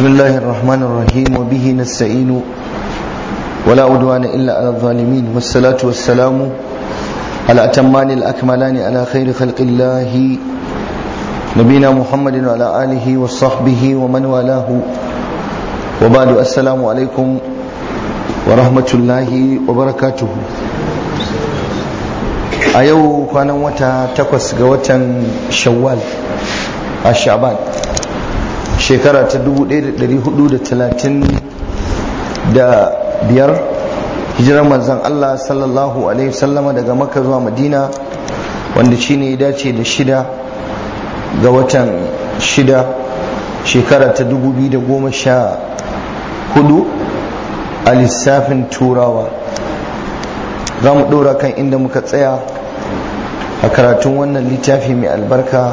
بسم الله الرحمن الرحيم وبه نستعين ولا عدوان إلا على الظالمين والصلاة والسلام على أتمان الأكملان على خير خلق الله نبينا محمد وعلى آله وصحبه ومن والاه وبعد السلام عليكم ورحمة الله وبركاته أيو كان وتا تقوس قوة شوال الشعبان shekara ta 1435 hijirar manzan Allah sallallahu alaihi sallama daga maka zuwa madina wanda shi ne dace da shida ga watan shida shekara ta 2014 a lissafin turawa za mu ɗora kan inda muka tsaya a karatun wannan littafi mai albarka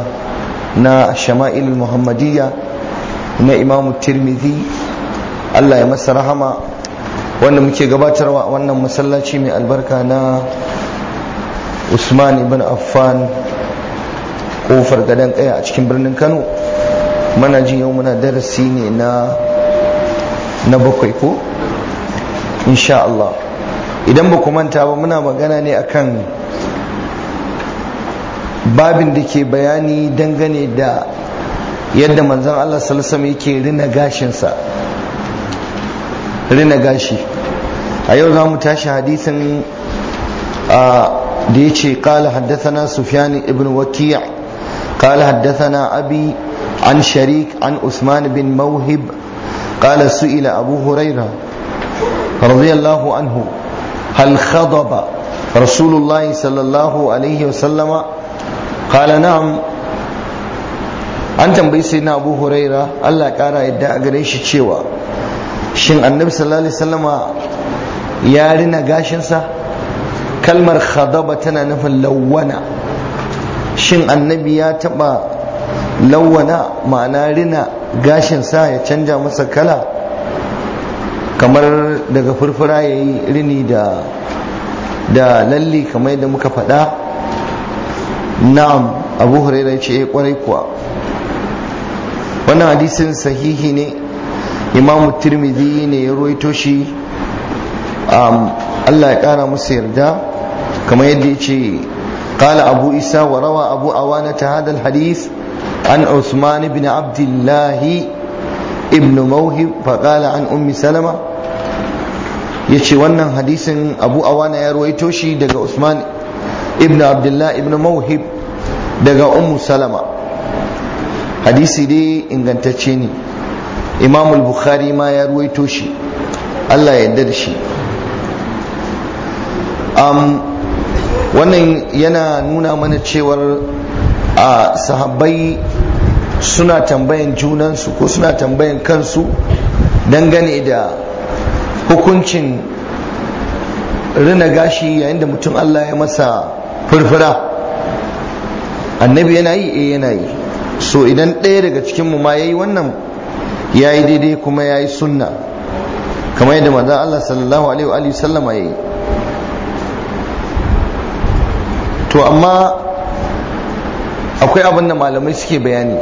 na shama'il muhammadiyya na imamu tirmidhi Allah ya masa rahama wanda muke gabatarwa a wannan masallaci mai albarka na Usman ibn Affan kofar gadon kaya a cikin birnin Kano mana jin yau muna darasi ne na na bakwai ko insha Allah idan ba ku manta ba muna magana ne akan babin da ke bayani dangane da yadda manzan Allah sallallahu yake rina gashinsa rina gashi a yau za mu tashi hadisin da ya ce kala haddathana Sufiyani ibn waki' kala haddathana abi an sharik an usman bin mawhib kala ila abu huraira radiyallahu anhu hal khadaba رسول الله صلى الله عليه وسلم قال نعم an tambayi sai na abu huraira allah kara yadda a gare shi cewa shin annabi sallallahu alaihi wasallama ya rina gashinsa kalmar khadaba tana nufin lawwana shin annabi ya taba lawana ma'ana rina gashinsa ya canja masa kala kamar daga furfura ya yi rini da da lalli kamar yadda muka faɗa na'am abu huraira ce kwarai eh, kuwa wannan hadisin sahihi ne imamu tirmidhi ne ya ruwaito shi Allah ya kara musu yarda Kama yadda ya ce abu Isa, wa أبو إسى وروى أبو أوانة هذا الحديث عن عثمان بن عبد الله ابن موهب an ummi Salama. Ya ce wannan hadisin abu awana ya ruwaito shi daga usman ibn Abdullahi ibn mawhib daga ummu salama hadisi dai ingantacce ne imam bukhari ma ya ruwaito shi allah ya yarda da shi wannan yana nuna mana cewar a sahabbai suna tambayan junansu ko suna tambayan kansu dangane da hukuncin rina gashi yayin da mutum allah ya masa furfura annabi yana yi eh yana yi so idan ɗaya daga cikinmu ma ya yi wannan ya yi daidai kuma ya yi sunna kamar yadda manzan Allah sallallahu alaihi wa sallama ya yi to amma akwai abinda malamai suke bayani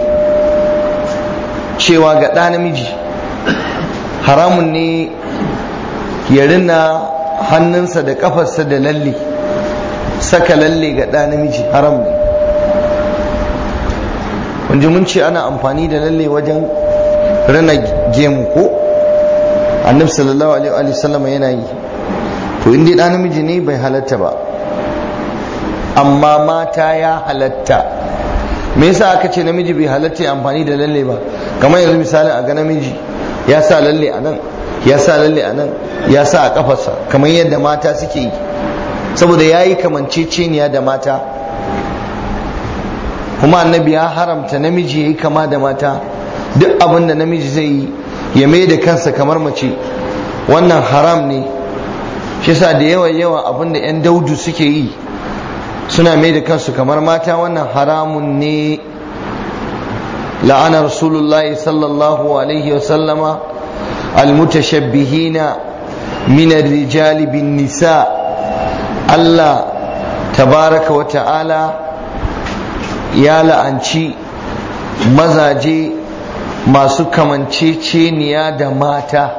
cewa ga ɗa namiji haramun ne ya rina hannunsa da kafarsa da lalle saka lalle ga ɗa namiji haram ne ji mun ce ana amfani da lalle wajen rana gemu ko annabi sallallahu alaihi wa sallama yana yi to indai ɗan namiji ne bai halatta ba amma mata ya halatta me yasa aka ce namiji bai halatta ya amfani da lalle ba kamar yanzu misali a ga namiji ya sa lalle a nan ya sa lalle a nan ya sa a kafarsa kamar yadda mata suke yi saboda ya yi kamanceceniya da mata kuma annabi ya haramta namiji ya yi kama da mata duk abin da namiji zai yi ya mai da kansa kamar mace wannan haram ne shi sa da yawa yawa abin da 'yan daudu suke yi suna mai da kansu kamar mata wannan haramun ne la'ana rasulullahi sallallahu alaihi wasallama almutashabbihina min rijali bin nisa Allah tabaraka wa ta'ala ya la'anci mazaje masu kamanceceniya da mata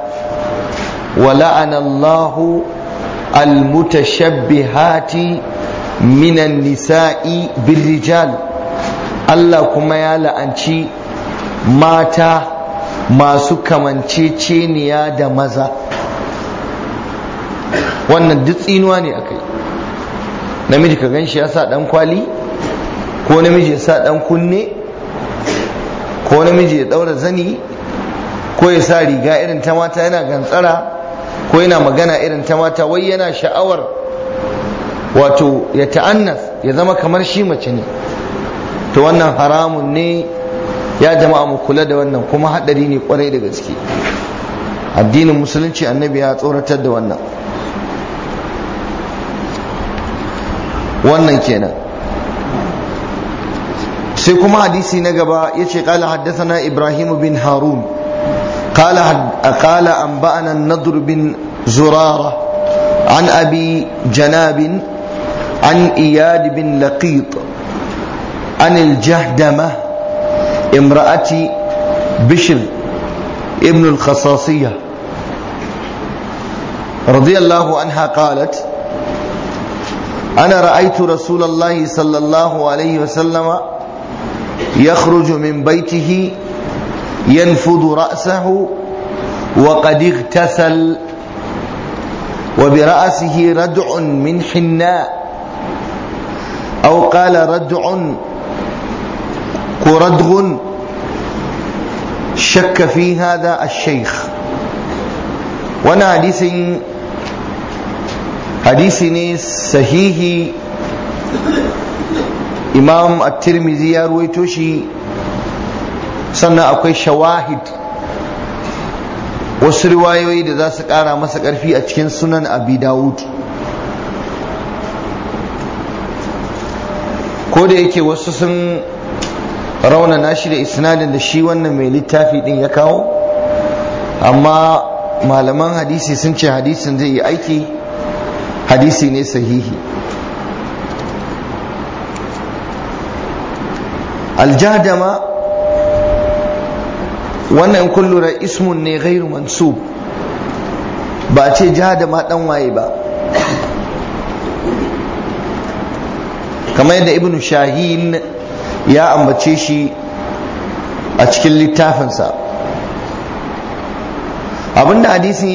wa la'anallahu almutashabbihati minan nisa'i birrijal Allah kuma ya la'anci mata masu kamanceceniya da maza wannan duk tsinuwa ne kai? namiji ka gan shi ya sa dan kwali ko namiji ya sa dan kunne ko namiji ya daura zani ko ya sa riga irin ta mata yana gantsara ko yana magana irin ta mata wai yana sha'awar wato ya ta'annas ya zama kamar shi mace ne to wannan haramun ne ya jama'a mu kula da wannan kuma hadari ne kwarai da gaske addinin musulunci annabi ya tsoratar da wannan wannan kenan sai kuma hadisi na gaba ya ce kala haddasana ibrahim bin harun kala an ba'ana nadur bin zurara an abi janabin an iyad bin laqit an aljahdama imra'ati bishir ibn al-khasasiyya radiyallahu anha qalat أنا رأيت رسول الله صلى الله عليه وسلم يخرج من بيته ينفض رأسه وقد اغتسل وبرأسه ردع من حناء أو قال ردع كردغ شك في هذا الشيخ وانا حديث حديث صحيح imam at-tirmidhi ya ruwaito shi sannan akwai shawahid wasu riwayoyi da za su kara masa karfi a cikin sunan abi dawud ko da yake wasu sun rauna shi da isnadin da shi wannan mai littafi din ya kawo amma malaman hadisi sun ce hadisin zai yi aiki hadisi ne sahihi aljahdama wannan kun lura ismun ne gairu mansub ba a ce jahadama dan waye ba kamar yadda ibn shahin ya ambace shi a cikin littafinsa abinda hadisin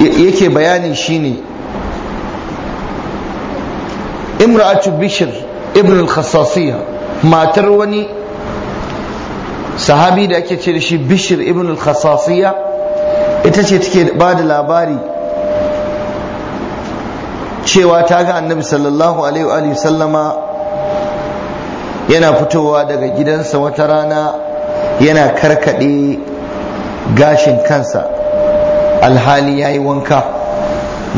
yake bayani shine imra'atu bishr ibn al-khassasiyya matar wani sahabi da ake ce da shi bishir ibn al-khassasiyya ita ce take ba da labari cewa ta ga annabi sallallahu alaihi wa sallama yana fitowa daga gidansa wata rana yana karkade gashin kansa alhali ya yi wanka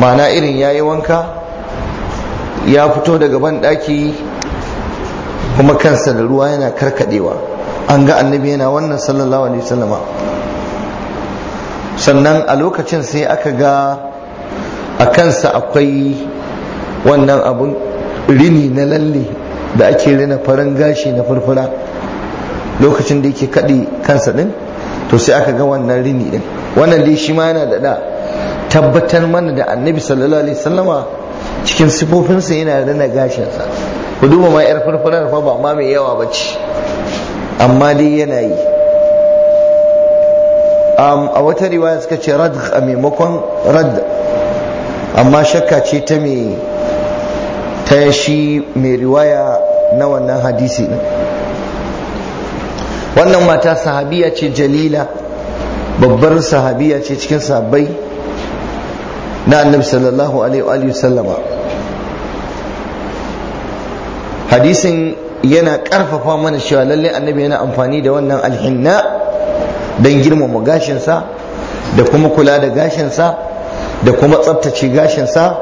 ma'ana irin ya yi wanka ya fito daga banɗaki kuma kansa da ruwa yana karkadewa an ga annabi yana wannan sallallahu alaihi wasallama sannan a lokacin sai aka ga a kansa akwai wannan abun rini na lalle da ake rina farin gashi na furfura lokacin da yake kaɗe kansa ɗin to sai aka ga wannan rini ɗin wannan dai shi ma yana da tabbatar mana da annabi sallallahu alaihi wasallama cikin sifofinsa yana rina gashinsa ku duba ma yar furfurar fa ba ma mai yawa ba ce amma dai yana yi a wata riwaya suka ce rad a maimakon rad amma shakka ce ta mai ta shi mai riwaya na wannan hadisi wannan mata sahabiya ce jalila babbar sahabiya ce cikin sahabbai na annabi sallallahu alaihi wa sallama hadisin yana karfafa mana cewa lalle annabi yana amfani da wannan alhinna don girmama gashinsa da kuma kula da gashinsa da kuma tsabtace gashinsa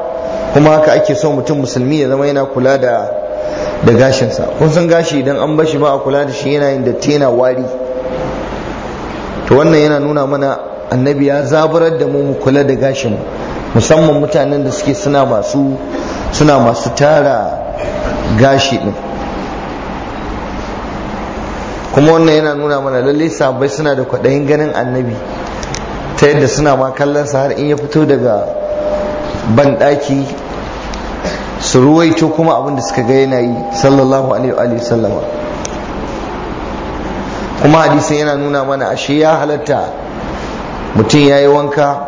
kuma haka ake so mutum musulmi ya zama yana kula da da gashinsa kun san gashi idan an bashi ba a kula da shi yana yin datti yana wari to wannan yana nuna mana annabi ya zaburar da mu mu kula da gashin musamman mutanen da suke suna masu suna masu tara gashi ɗin kuma wannan yana nuna mana lalle sahabbai suna da kwaɗayin ganin annabi ta yadda suna ma kallon sa har in ya fito daga banɗaki su ruwaito kuma abin da suka ga yana yi sallallahu alaihi sallama kuma hadisin yana nuna mana ashe ya halatta mutum ya yi wanka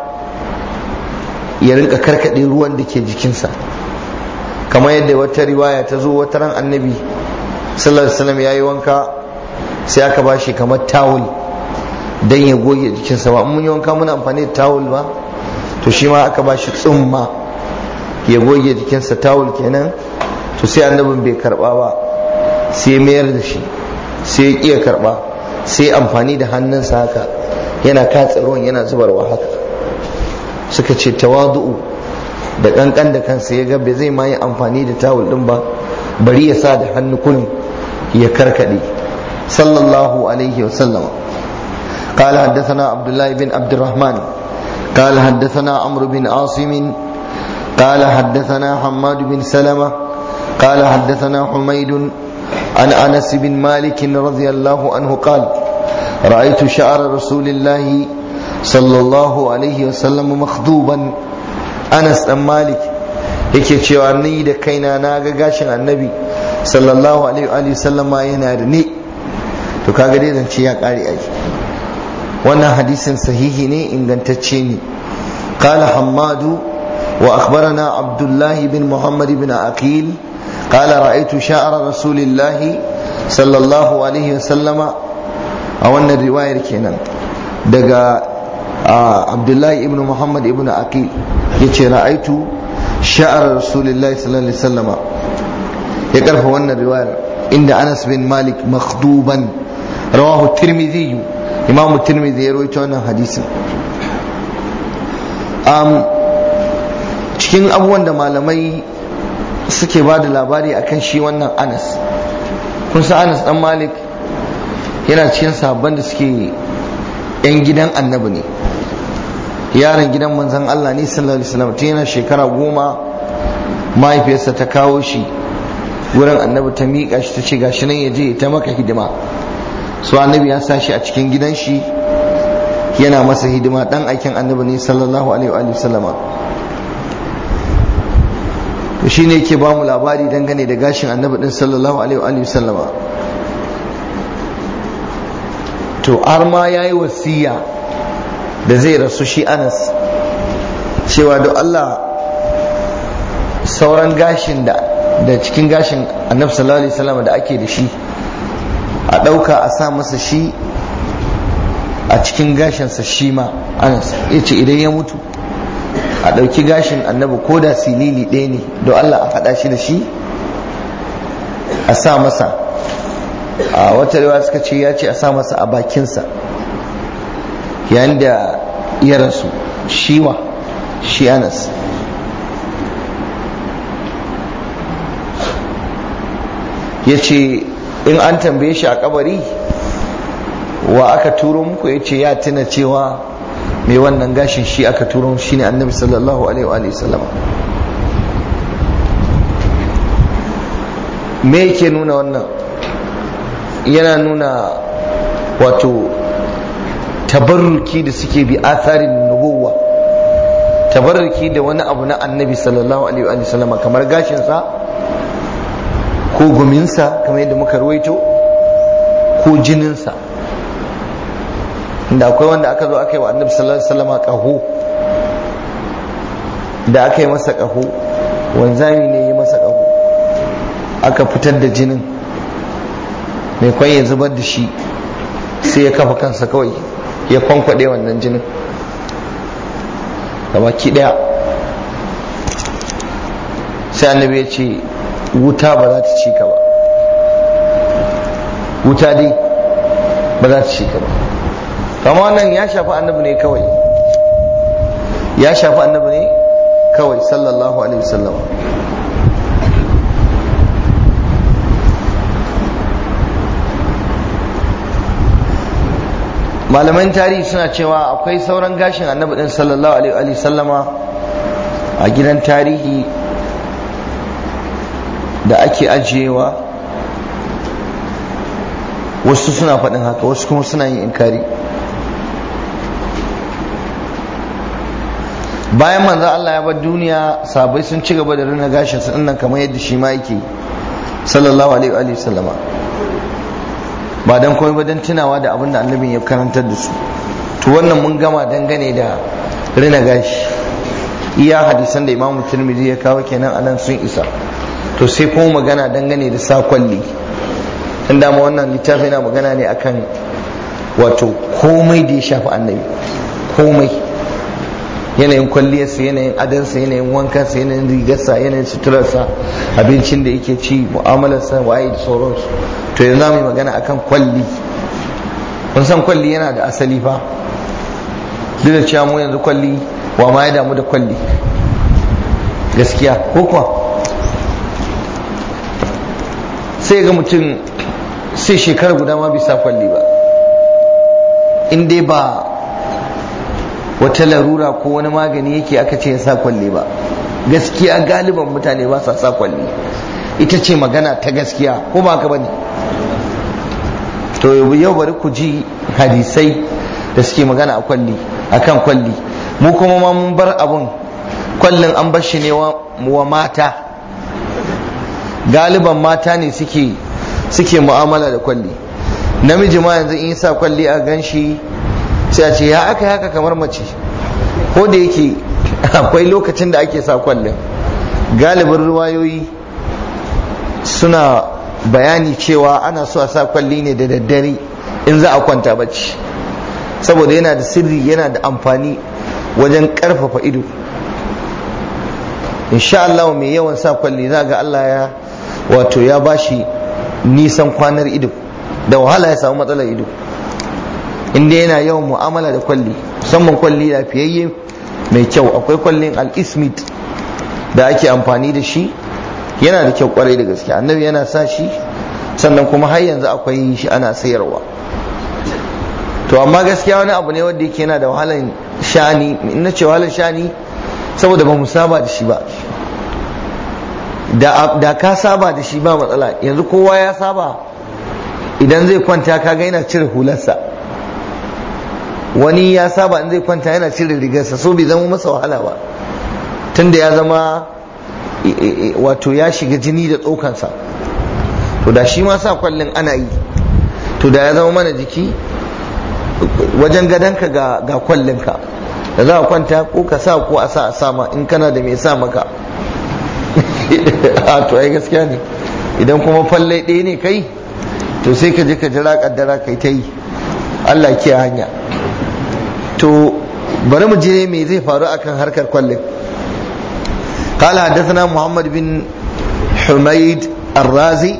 ya rinka karkaɗe ruwan da ke jikinsa kamar yadda wata riwaya ta zo wata ran annabi sallallahu alaihi wasallam yayi wanka sai aka bashi kamar tawul dan ya goge jikinsa ba mun yi wanka muna amfani da tawul ba to shi ma aka bashi tsumma ya goge jikinsa tawul kenan to sai annabin bai karba ba sai mayar da shi sai ya kiya karba sai amfani da hannunsa haka yana katsa ruwan yana zubarwa haka suka ce tawadu'u da kankan da kansa ya ga bai zai ma yi amfani da tawul din ba bari ya sa da hannu kurin ya karkade sallallahu alaihi wasallam قال حدثنا عبد الله بن عبد الرحمن قال حدثنا عمرو بن عاصم قال حدثنا حماد بن سلمة قال حدثنا حميد عن أنس بن مالك رضي الله عنه قال رأيت شعر رسول الله صلى الله عليه وسلم مخضوبا anas dan malik yake cewa ni da kaina na ga gashin annabi sallallahu alaihi wa sallama yana da ni to kaga dai ce ya kare aiki wannan hadisin sahihi ne ingantacce ne قال حماد وأخبرنا عبد الله بن محمد بن Aqil, قال رأيت شعر رسول الله صلى الله عليه وسلم أو أن الرواية daga دقا عبد الله بن محمد بن yace ra'aitu sha'ar rasulillahi sallallahu alaihi wasallam ya karfa wannan riwayar inda Anas bin Malik makhduban rawahu Tirmidhi Imam Tirmidhi ya rawaito wannan hadisin am cikin abubuwan da malamai suke bada labari akan shi wannan Anas kun san Anas dan Malik yana cikin sabon da suke yan gidan annabi ne yaron gidan manzan Allah ne sallallahu alaihi wasallam tun yana shekara goma mahaifiyarsa ta kawo shi wurin annabi ta miƙa shi ta ce gashi nan ya je ta maka hidima su annabi ya sa a cikin gidan shi yana masa hidima dan aikin annabi ne sallallahu alaihi wa shi ne yake ba mu labari dangane da gashin annabi din sallallahu alaihi wa to har ma yayi wasiya da zai rasu shi anas cewa da Allah sauran gashin da da cikin gashin annabi sallallahu alaihi wasallam da ake da shi a ɗauka a sa masa shi a cikin gashinsa shi ma anas ya ce idan ya mutu a ɗauki gashin annabi ko da silili ɗaya ne don Allah a faɗa shi da shi a sa masa a wata rewa suka ce ya ce a sa masa a bakinsa yayin da ya rasu shiwa shi anas ya ce in an tambaye shi a kabari wa aka turo muku ya ce ya tuna cewa mai wannan gashin shi aka turo shi ne annabi sallallahu alaihi wa sallama me yake nuna wannan yana nuna wato tabarruki da suke bi atharin nubuwa tabarruki da wani abu na annabi sallallahu alaihi wa sallama kamar gashinsa ko guminsa kamar yadda muka ruwaito ko jininsa da akwai wanda aka zo aka yi wa annabi sallallahu alaihi wasallama kaho da aka yi masa kaho wanzami ne yi masa kaho aka fitar da jinin mai kwaye ya zubar da shi sai ya kafa kansa kawai ya kwankwaɗe wannan jinin baki ɗaya sai annabi ya ce wuta ba za ta ci ka ba wuta dai ba za ta ci ka ba kama wannan ya shafi annabi ne kawai ya shafi annabi ne kawai sallallahu alaihi wasallam malaman tarihi suna cewa akwai sauran gashin annabi din sallallahu alaihi sallama a gidan tarihi da ake ajiyewa wasu suna faɗin haka wasu kuma suna yin inkari bayan manzo Allah ya bar duniya sabai sun ci gaba da rina gashin su nan kamar yadda shi ma yake sallallahu alaihi wa sallama ba dan komai ba dan tunawa da abin da annabin ya karantar da su to wannan mun gama dangane da rina gashi iya hadisan da imamu tirmidhi ya kawo kenan anan sun isa to sai kuma magana dangane da sakwalli dan dama wannan littafi yana magana ne akan wato komai da ya shafi annabi komai yanayin kwalliyarsa yanayin adansa yanayin wankansa yanayin rigarsa yanayin suturarsa abincin da yake ci mu'amalarsa waye da sauransu to yanzu mu yi magana akan kwalli kun san kwalli yana da asali fa duk da cewa mu yanzu kwalli wa ma ya damu da kwalli gaskiya ko kuwa sai ga mutum sai shekara guda ma bisa kwalli ba in dai ba wata larura ko wani magani yake aka ce ya sa kwalle ba gaskiya galiban mutane ba sa sa kwalle ita ce magana ta gaskiya ko ba ka bane to yau bari ku ji hadisai da suke magana a kwalli akan kwalli mu kuma ma mun bar abun kwallin an bar ne wa mata galiban mata ne suke mu'amala da kwalli namiji ma yanzu in sa kwalli a ganshi sai a ce ya aka haka kamar mace ko da yake akwai lokacin da ake sa kwallon galibin ruwayoyi suna bayani cewa ana so a sa kwalli ne da daddare in za a kwanta bacci saboda yana da sirri yana da amfani wajen karfafa ido insha Allah mai yawan sa kwalli za ga Allah ya wato ya bashi nisan kwanar ido da wahala ya samu matsalar ido inda yana yawan mu'amala da kwalli musamman kwalli lafiyayye mai kyau akwai kwallin al-ismit da ake amfani da shi yana da kyau kwarai da gaske annabi yana sa shi sannan kuma har yanzu akwai shi ana sayarwa to amma gaskiya wani abu ne wanda yake yana da wahalan shani in ce wahalan shani saboda ba mu saba da shi ba da ka saba da shi ba matsala yanzu kowa ya saba idan zai kwanta ka ga yana cire hularsa wani ya saba in zai kwanta yana cire rigarsa so bai zama masa wahala ba tunda ya zama wato ya shiga jini da tsokansa to da shi ma sa kwallin ana yi to da ya zama mana jiki wajen gadonka ga, kwallonka, da za a kwanta ko ka sa ko a sa a sama in kana da mai sa maka a to ai gaskiya ne idan kuma fallai ɗaya ne kai to sai ka je ka jira ƙaddara kai ta yi Allah kiya hanya to bari mu je me zai faru akan harkar kwallin قال حدثنا محمد بن حميد الرازي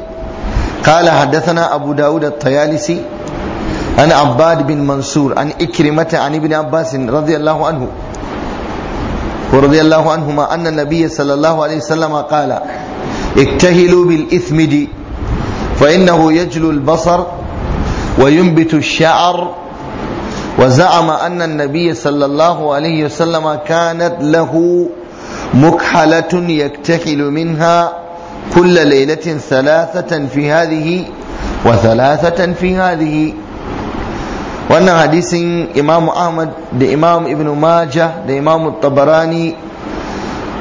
قال حدثنا أبو داود الطيالسي عن عباد بن منصور عن إكرمة عن ابن عباس رضي الله عنه ورضي الله عنهما أن النبي صلى الله عليه وسلم قال اكتهلوا بالإثمد فإنه يجلو البصر وينبت الشعر وزعم أن النبي صلى الله عليه وسلم كانت له مكحلة يكتحل منها كل ليلة ثلاثة في هذه وثلاثة في هذه وأن حديث إمام أحمد دا إمام ابن ماجة دا إمام الطبراني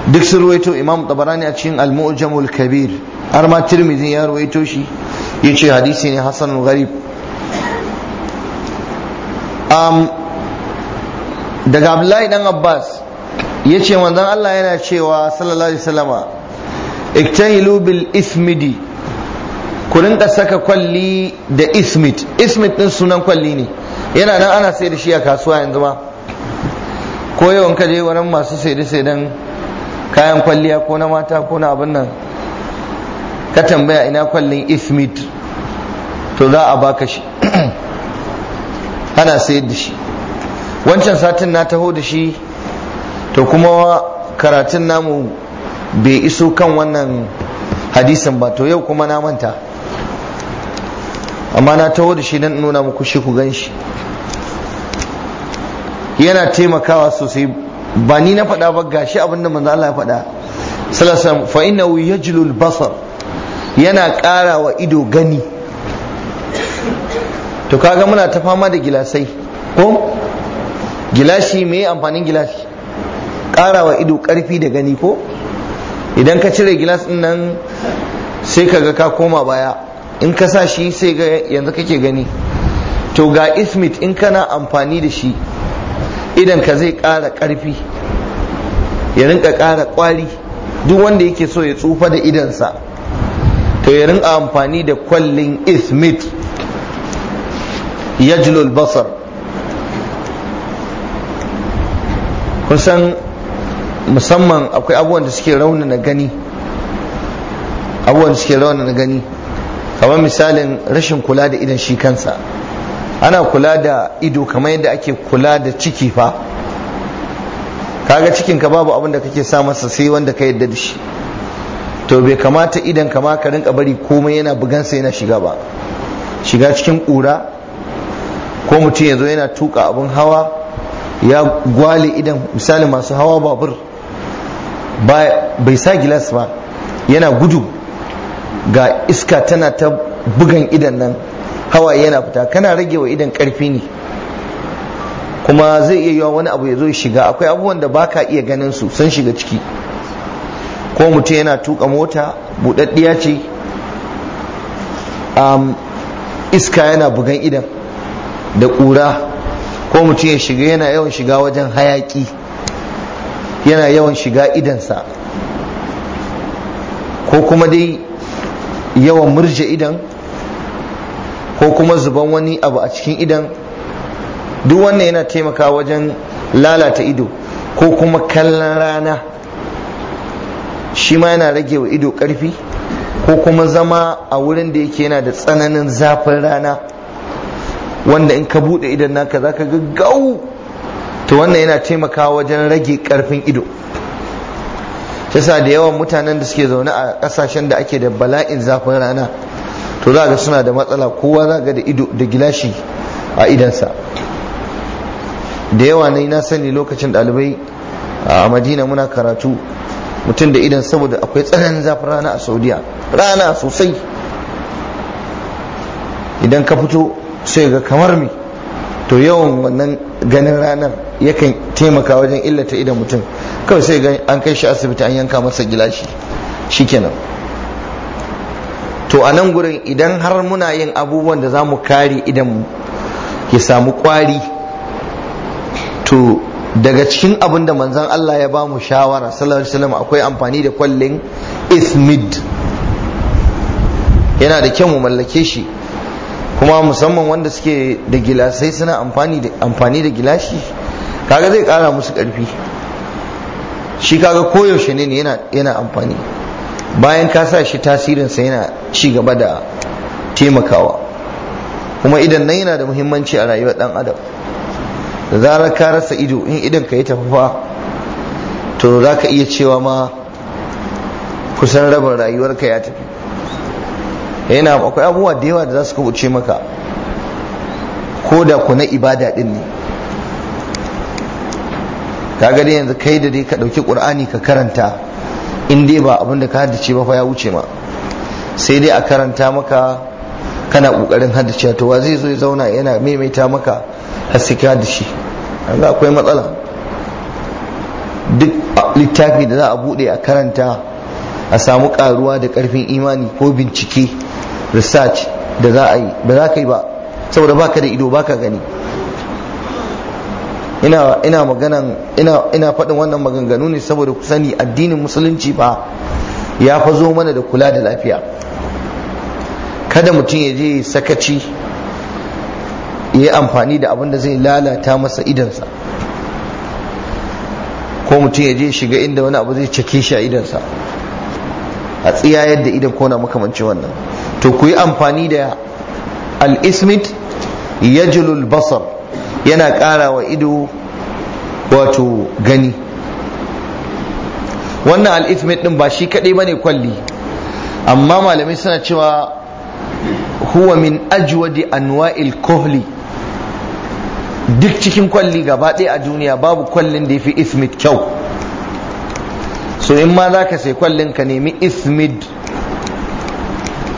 دكس رويتو إمام الطبراني أتشين المؤجم الكبير أرما ترمذي يا رويتو شي يتشي حديث حسن غريب Um, daga abdullahi dan abbas ya ce manzon allah yana cewa sallallahu alaihi wasallama iktahilu bil ismidi ku rinka saka kwalli da ismit ismit din sunan kwalli ne yana nan ana sai da shi a kasuwa yanzu ma ko yawan ka je wurin masu saide saidan kayan kwalliya ko na mata ko na abin nan ka tambaya ina kwallin ismit to za a baka shi ana sayar da shi wancan satin na taho da shi to kuma karatun namu bai iso kan wannan hadisin ba to yau kuma na manta amma na taho da shi nan nuna muku shi ku gan shi yana taimakawa sosai ba ni na faɗa ba gashi abinda manzo Allah ya faɗa sallallahu alaihi wasallam fa innahu yajlul basar yana ƙara wa ido gani to kaga muna ta fama da gilasai ko gilashi me amfanin gilashi ƙarawa ido ƙarfi da gani ko idan ka cire gilas din nan sai ka ka koma baya in ka sa shi sai ga yanzu kake gani to ga ismit in kana amfani da shi idan ka zai ƙara ƙarfi ya rinka ƙara ƙwari duk wanda yake so ya tsufa da idansa to ya rinka amfani da kwallin ismit al basar kusan musamman akwai abubuwan da suke raunana gani abubuwan da suke raunana gani kamar misalin rashin kula da idan shi kansa ana kula da ido kamar yadda ake kula da ciki fa kaga cikinka babu abin da kake sa masa sai wanda ka yadda da shi to bai kamata idan kama ka rinka bari komai yana bugansa yana shiga ba shiga cikin ƙura ko mutum ya zo yana tuka abin hawa ya gwale idan misali masu hawa babur bai sa gilas ba yana gudu ga iska tana ta bugan idan nan hawa yana fita kana rage wa idan karfi ne kuma zai iya yiwa wani abu ya zo shiga akwai abubuwan da ka iya ganin su sun shiga ciki ko mutum yana tuka mota buɗaɗɗiya ce iska yana bugan idan da ƙura ko mutum ya shiga yana yawan shiga wajen hayaƙi yana yawan shiga idansa ko kuma dai yawan murje idan ko kuma zuban wani abu a cikin idan duk wannan yana taimaka wajen lalata ido ko kuma kallon rana shi ma yana rage wa ido ƙarfi ko kuma zama a wurin da yake yana da tsananin zafin rana wanda in ka bude idan naka zaka ga gaggau to wannan yana taimakawa wajen rage karfin ido yasa da yawan mutanen da suke zaune a kasashen da ake da bala'in zafin rana to za ga suna da matsala kowa za ga da ido da gilashi a idansa da yawa ne na sani lokacin ɗalibai a madina muna karatu mutum da idan saboda akwai tsananin zafin rana a saudiya rana sosai idan ka fito sai ga kamar mi to yawan wannan ganin ranar yakan taimaka wajen illata idan mutum kawai sai ga an kai shi asibiti an yanka masa gilashi shikenan to a nan gurin idan har muna yin abubuwan da za mu kare idan ya samu kwari to daga cikin abin da manzan Allah ya ba mu shawara sallallahu alaihi wasallam akwai amfani da kwallin ismid yana da kyau mu mallake shi kuma musamman wanda suke da gilasai suna amfani da gilashi kaga zai kara musu karfi shi kaga koyaushe ne yana amfani bayan ka sa shi tasirinsa yana ci gaba da taimakawa kuma idan nan yana da muhimmanci a rayuwar dan adam da zarar ka rasa ido in idan ka yi tafafa to za ka iya cewa ma kusan rabin rayuwarka ya tafi yana akwai abubuwa da yawa da za su kubuce maka ko da ku na ibada din ne ka gani yanzu kai da dai ka ɗauki ƙur'ani ka karanta in dai ba abin da ka haddace ba fa ya wuce ma sai dai a karanta maka kana ƙoƙarin haddace to wa zai zo ya zauna yana maimaita maka har sai ka haddace akwai matsala duk littafi da za a buɗe a karanta a samu ƙaruwa da ƙarfin imani ko bincike research da za a yi ba za ka yi ba saboda baka da ido baka gani ina faɗin wannan maganganu ne saboda ku sani addinin musulunci ba ya fa zo mana da kula da lafiya kada mutum ya je sakaci ya yi amfani da abin da zai lalata masa idansa ko mutum ya je shiga inda wani abu zai cake shi a idansa a tsiya yadda idan kona makamanci wannan to ku yi amfani da al-ismit yajlul basar yana ƙara wa ido wato gani wannan al-ismit din ba shi kadai bane kwalli amma malamai suna cewa huwa min ajwadi anwa'il kohli duk cikin kwalli gaba ɗaya a duniya babu kwallin da ya fi ismit kyau so in ma za ka sai kwallin ka nemi ismid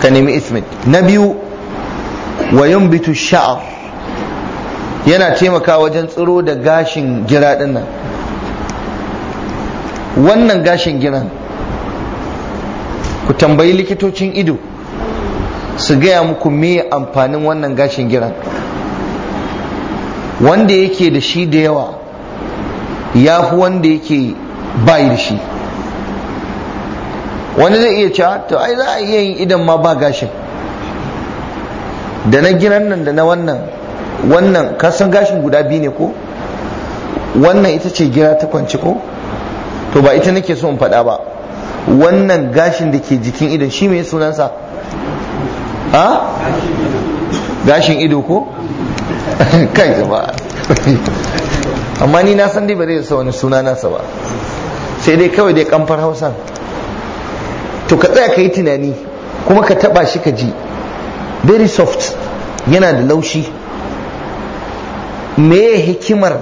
ka nemi ismid na biyu wa bitu sha'ar yana taimaka wajen tsiro da gashin gira dinnan wannan gashin giran ku tambayi likitocin ido su gaya muku me amfanin wannan gashin giran wanda yake da shi da yawa ya fi wanda yake bayi da shi wani zai iya cewa to ai za a iya yin idan ma ba gashin da na giran nan da na wannan wannan kasan gashin guda biyu ne ko wannan ita ce gira ta kwanci ko to ba ita nake so in faɗa ba wannan gashin da ke jikin idan shi mai sunansa ha gashin ido ko kai ba amma ni na san dai ba zai sa wani suna nasa ba sai dai kawai dai kamfar hausa to ka tsaya ka yi tunani kuma ka taba shi ka ji very soft yana da laushi meye hikimar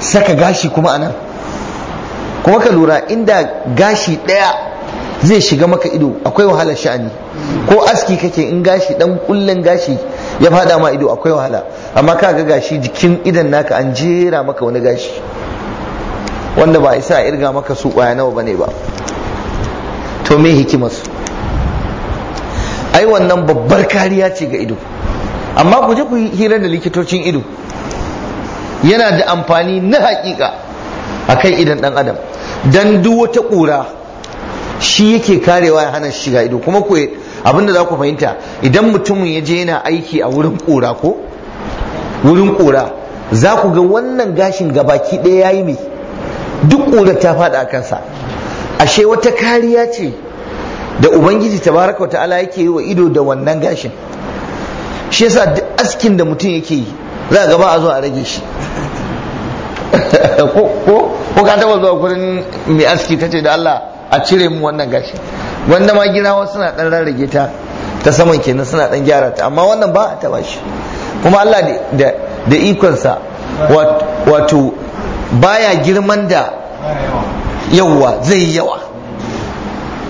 saka gashi kuma anan kuma ka lura inda gashi ɗaya zai shiga maka ido akwai wahala sha'ani ko aski kake in gashi dan kullen gashi ya fada ma ido akwai wahala amma ka ga gashi jikin idan naka an jera maka wani gashi wanda ba isa a irga maka su kwaya nawa bane ba to me hikimarsu ai wannan babbar kariya ce ga ido amma ku je ku hira da likitocin ido yana da amfani na haƙiƙa a kan idan dan adam dan duk wata ƙura shi yake karewa ya hana shiga ido kuma ku abinda za ku fahimta idan mutumin ya je yana aiki a wurin ƙura ko wurin ƙura za ku ga wannan gashin gabaki ɗaya ya yi mai duk ƙurar ta faɗa a kansa ashe wata kariya ce da ubangiji tabaraka ta'ala yake yi wa ido da wannan gashin shi yasa duk askin da mutum yake yi za a gaba a zo a rage shi ko ka taba zuwa gurin mai aski ta ce da Allah a cire mu wannan gashi wanda ma wasu suna dan rarrage ta ta saman kenan suna dan gyara ta amma wannan ba a taba shi kuma Allah da ikonsa wato baya girman da yawa zai yawa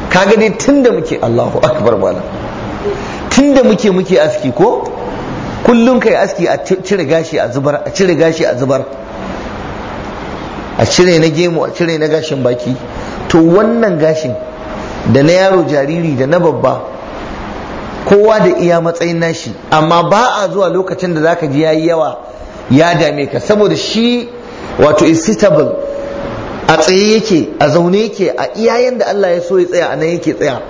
kaga dai tunda muke Allahu akbar malam tunda muke muke aski ko kullum kai aski a cire gashi a zubar a cire gashi a zubar a cire na gemu a cire na gashin baki to wannan gashin da na yaro jariri da na babba kowa da iya matsayin nashi amma ba a zuwa lokacin da zaka ji yayi yawa ya dame ka saboda shi wato is a tsaye yake a zaune yake a iyayen da Allah ya so ya tsaya a nan yake tsaya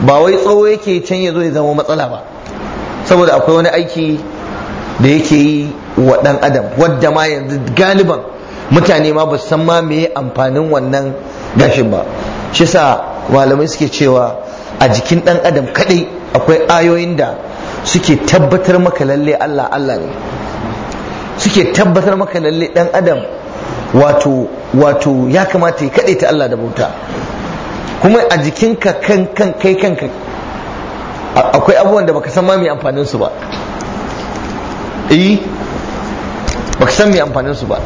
ba wai tsawo yake can ya zo ya zama matsala ba saboda akwai wani aiki da yake yi wa dan adam wadda ma yanzu galiban mutane ma ba san ma me amfanin wannan gashin ba shi sa malamai suke cewa a jikin ɗan adam kaɗai akwai ayoyin da suke tabbatar maka lalle Allah Allah ne suke tabbatar maka lalle ɗan adam wato wato ya kamata ya kaɗe ta Allah da bauta kuma a jikinka kan kan kai kanka akwai abubuwan da baka san ma mai amfanin su ba eh baka san mai amfanin su ba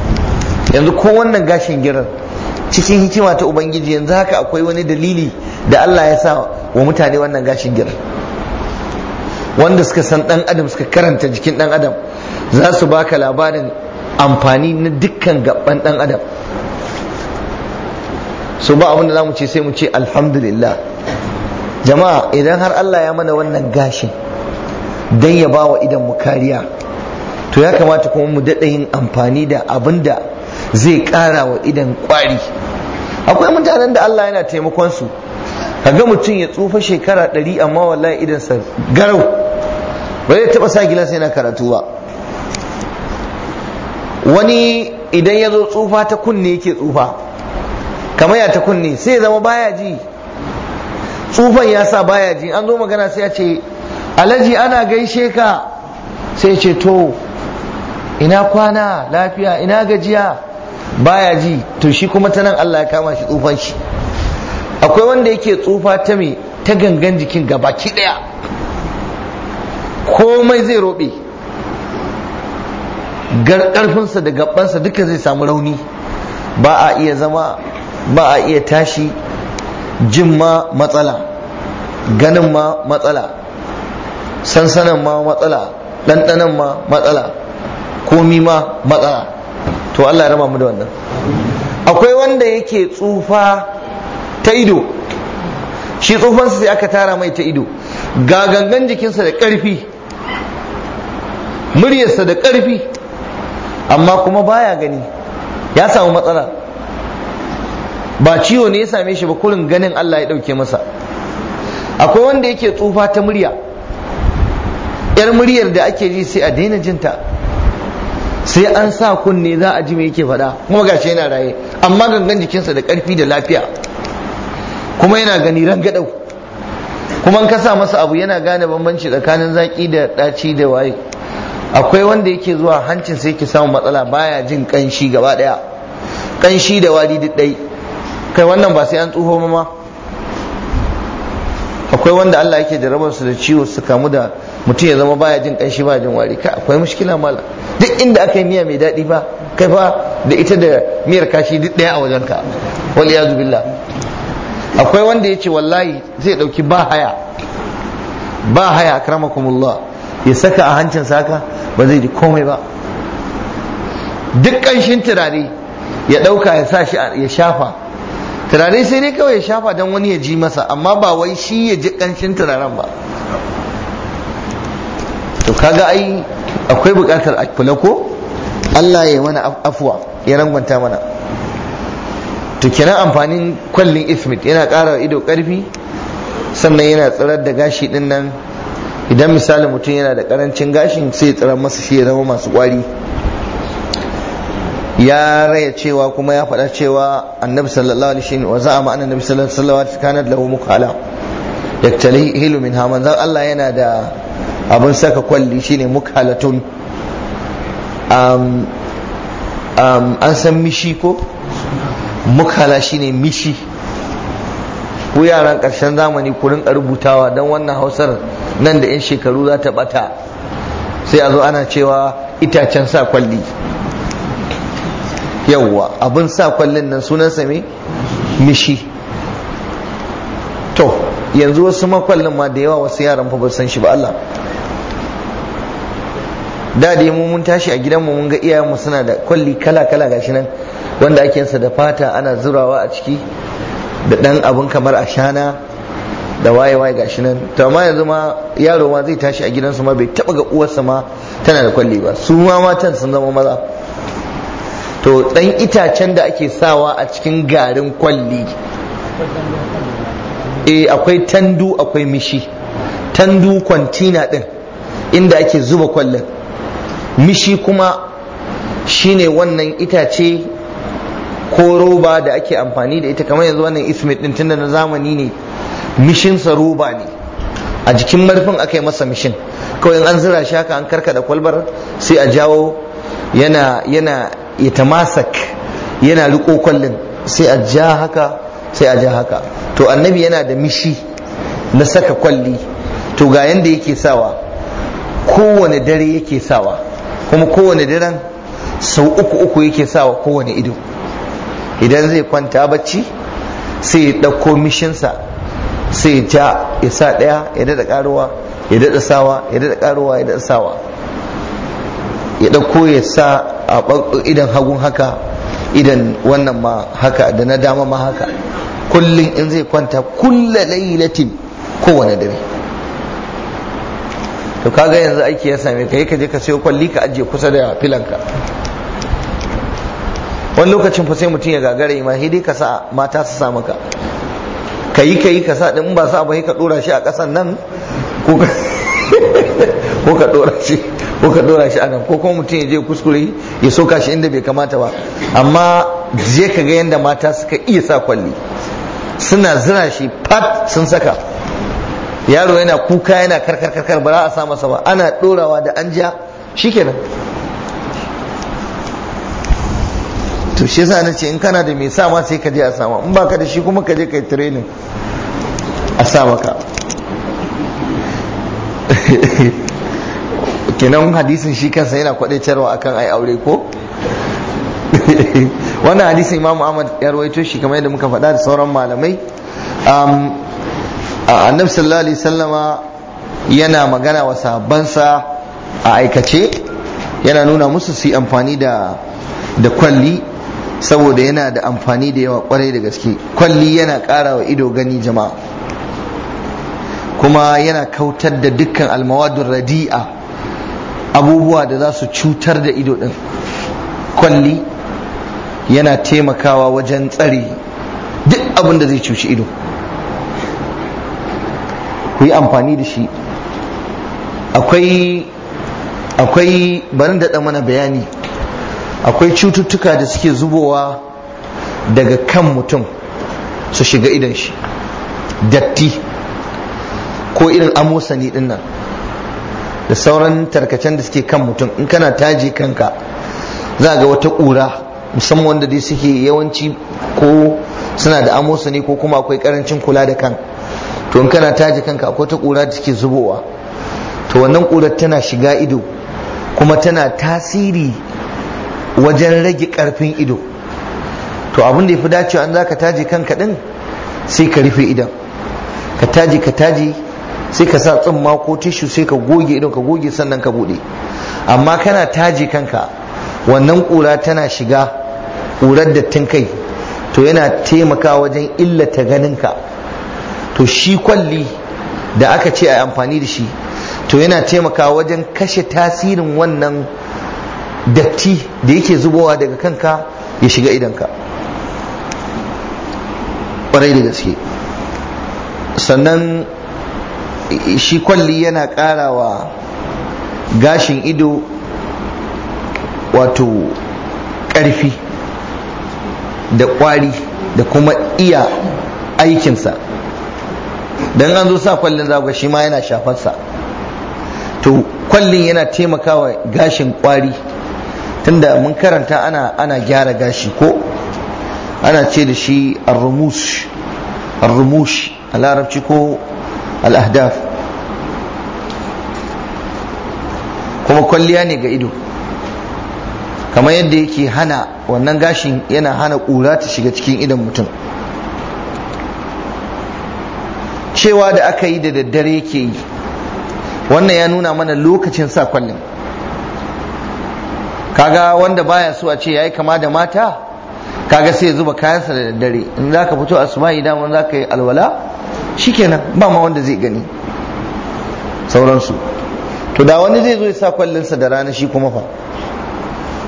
yanzu ko wannan gashin girar cikin hikima ta ubangiji yanzu haka akwai wani dalili da Allah ya sa wa mutane wannan gashin girar wanda suka san dan adam suka karanta jikin dan adam za su baka labarin amfani na dukkan gaban dan adam so ba abin da mu ce sai mu ce alhamdulillah jama'a idan har Allah ya mana wannan gashin dan ya bawa idan mu kariya to ya kamata kuma mu daɗa yin amfani da abin da zai ƙara wa idan ƙwari akwai mutanen da Allah yana taimakon su kaga mutum ya tsufa shekara ɗari amma wallahi idansa garau ba zai taɓa sa gilas yana karatu ba wani idan ya zo tsufa ta kunne yake tsufa kamar ya ta kunne sai ya zama baya ji tsufan ya sa baya ji an zo magana sai ya ce alaji ana gaishe ka sai ce to ina kwana lafiya ina gajiya baya ji to shi kuma ta nan Allah ya kama shi tsufan shi akwai wanda yake tsufa ta me ta gangan jikin gaba ki daya komai zai robe karfinsa da gabansa duka zai samu rauni ba a iya zama ba a iya tashi jin ma matsala ganin ma matsala sansanan ma matsala ɗanɗanan ma matsala komi ma matsala to Allah raba mu da wannan akwai wanda yake tsufa ta ido shi tsufansa sai aka tara mai ta ido ga gangan jikinsa da ƙarfi muryarsa da ƙarfi amma kuma baya gani ya samu matsala ba ciwo ne ya same shi ba kurin ganin Allah ya ɗauke masa akwai wanda yake tsufa ta murya yar muryar da ake ji sai a daina jinta sai an sa kunne za a ji me yake faɗa kuma gashi yana raye amma gangan jikinsa da ƙarfi da lafiya kuma yana gani rangadau kuma an kasa masa abu yana gane bambanci tsakanin zaki da ɗaci da waye akwai wanda yake zuwa hancin sai yake samun matsala baya jin kanshi gaba daya kanshi da wari duk dai kai wannan ba sai an tsoho ma akwai wanda Allah yake jarabar su da ciwo su kamu da mutum ya zama baya jin kanshi baya jin wari kai akwai mushkila mala duk inda aka yi miya mai daɗi ba kai fa da ita da miyar kashi duk daya a wajenka wal yazu billah akwai wanda yace wallahi zai ɗauki ba haya ba haya akramakumullah ya saka a hancin saka ba zai ji komai ba duk ƙanshin turare ya ɗauka ya sa shi ya shafa turare sai dai kawai ya shafa don wani ya ji masa amma ba wai shi ya ji ƙanshin turaren ba to kaga ai akwai buƙatar a kula ko Allah ya mana afuwa ya rangwanta mana to kenan amfanin kwallin ismit yana ƙara ido ƙarfi sannan yana tsirar da gashi ɗin idan misali mutum yana da karancin gashin sai tsiran masa shi ya zama masu kwari ya raya cewa kuma ya faɗa cewa annabi sallallahu alaihi ne wa a anna annabi sallallahu alaihi wasallam da lahu mukhala yaktali hilu min ha manzon Allah yana da abin saka kwalli shine mukhalatun um, um, an san mishi ko mukhala shine mishi ku yaran karshen zamani ku rinka rubutawa don wannan hausar nan da 'yan shekaru za ta bata sai a zo ana cewa itacen sa kwalli yauwa abin sa kwallin nan sunansa me mishi to yanzu wasu makwallin ma da yawa wasu yaran fa ba san shi ba Allah da dai mu mun tashi a gidanmu mun ga iyayenmu suna da kwalli kala kala gashi nan wanda ake sa da fata ana zurawa a ciki da dan abun kamar ashana da waye waye gashi nan to amma yanzu ma yaro ma zai tashi a gidansu ma bai taba ga uwarsa ma tana da kwalli ba su ma matan sun zama maza to dan itacen da ake sawa a cikin garin kwalli eh akwai tandu akwai mishi tandu kwantina din inda ake zuba kwallon mishi kuma shine wannan itace ko roba da ake amfani da ita kamar yanzu wannan ismit din tunda na zamani ne mishinsa roba ne a jikin marfin aka yi masa mishin kawai in an zira shi haka an karkada kwalbar sai a jawo yana yana masak. yana riko kwallin sai a ja haka sai a ja haka to annabi yana da mishi na saka kwalli to ga yanda yake sawa kowane dare yake sawa kuma kowane daren sau uku uku yake sawa kowane ido idan zai kwanta bacci sai ya ɗauko mishinsa sai ja ya sa ɗaya ya daɗa ƙaruwa ya daɗa sawa ya daɗa ƙaruwa ya daɗa sawa ya ɗauko ya sa a idan hagun haka idan wannan ma haka da na dama ma haka kullum in zai kwanta kulla lailatin kowane dare to kaga yanzu aiki ya same ka ka je ka sayo kwalli ka ajiye kusa da filanka wani lokacin fa sai mutum ya gagara ma dai ka sa mata su samu ka. ka yi ka yi ka sa ɗin ba sa ba ka ɗora shi a ƙasan nan ko ka ɗora shi a nan ko kuma mutum ya je kuskure ya soka shi inda bai kamata ba amma je ka ga yadda mata suka iya sa kwalli suna zina shi fat sun saka yaro yana kuka yana karkar karkar ba za a sa masa ba ana ɗorawa da an ja kenan. to shi yasa nace in kana da mai sama sai ka je a sama in baka da shi kuma ka je kai training a sa maka kenan hadisin shi kansa yana kwadaitarwa akan ai aure ko wannan hadisin imamu ahmad ya rawaito shi kamar yadda muka faɗa da sauran malamai um, annabi sallallahu sallama yana magana wa sabbansa a aikace yana nuna musu su yi amfani da kwalli saboda yana da amfani da yawa kwarai da gaske kwalli yana ƙara wa ido gani jama'a kuma yana kautar da dukkan almawadun radi'a abubuwa da za su cutar da ido din kwalli yana taimakawa wajen tsare duk abin da zai cuci ido ku yi amfani da shi akwai akwai barin daɗa mana bayani akwai cututtuka da suke zubowa daga kan mutum su shiga idan shi datti ko irin amosani din nan da sauran tarkacen da suke kan mutum in kana taje kanka za ga wata ƙura musamman wanda dai suke yawanci ko suna da amosani ko kuma akwai karancin kula da kan to in kana taje kanka akwai ta ƙura da suke zubowa to wannan ƙurar tana shiga ido kuma tana tasiri wajen rage karfin ido to abin da ya fi dacewa an za ka taji kanka din sai ka rufe idan ka taji ka taji sai ka sa tsumma ko tishu sai ka goge idan ka goge sannan ka bude amma kana taji kanka wannan kura tana shiga kurar dattin kai to yana taimakawa wajen illata ganinka to shi kwalli da aka ce a yi amfani da shi to yana taimaka wajen kashe tasirin wannan datti da yake zubowa daga kanka ya shiga idanka ƙwarai da gaske sannan shi kwalli yana ƙarawa gashin ido wato ƙarfi da ƙwari da kuma iya aikinsa don an zo sa kwallin zagwa shi ma yana shafarsa to kwallin yana taimakawa gashin ƙwari tunda mun karanta ana ana gyara gashi ko ana ce da shi ar-rumush ar-rumush a larabci ko al-ahdaf kuma kwalliya ne ga ido kamar yadda yake hana wannan gashin yana hana ƙura ta shiga cikin idon mutum cewa da aka yi da daddare yake yi wannan ya nuna mana lokacin sa kwallin kaga wanda baya so a ce yayi kama da mata kaga sai zuba kayansa da daddare in zaka fito asma'i mun zaka yi alwala shikenan ba ma wanda zai gani sauransu to da wani zai zo ya sa sa da rana shi kuma fa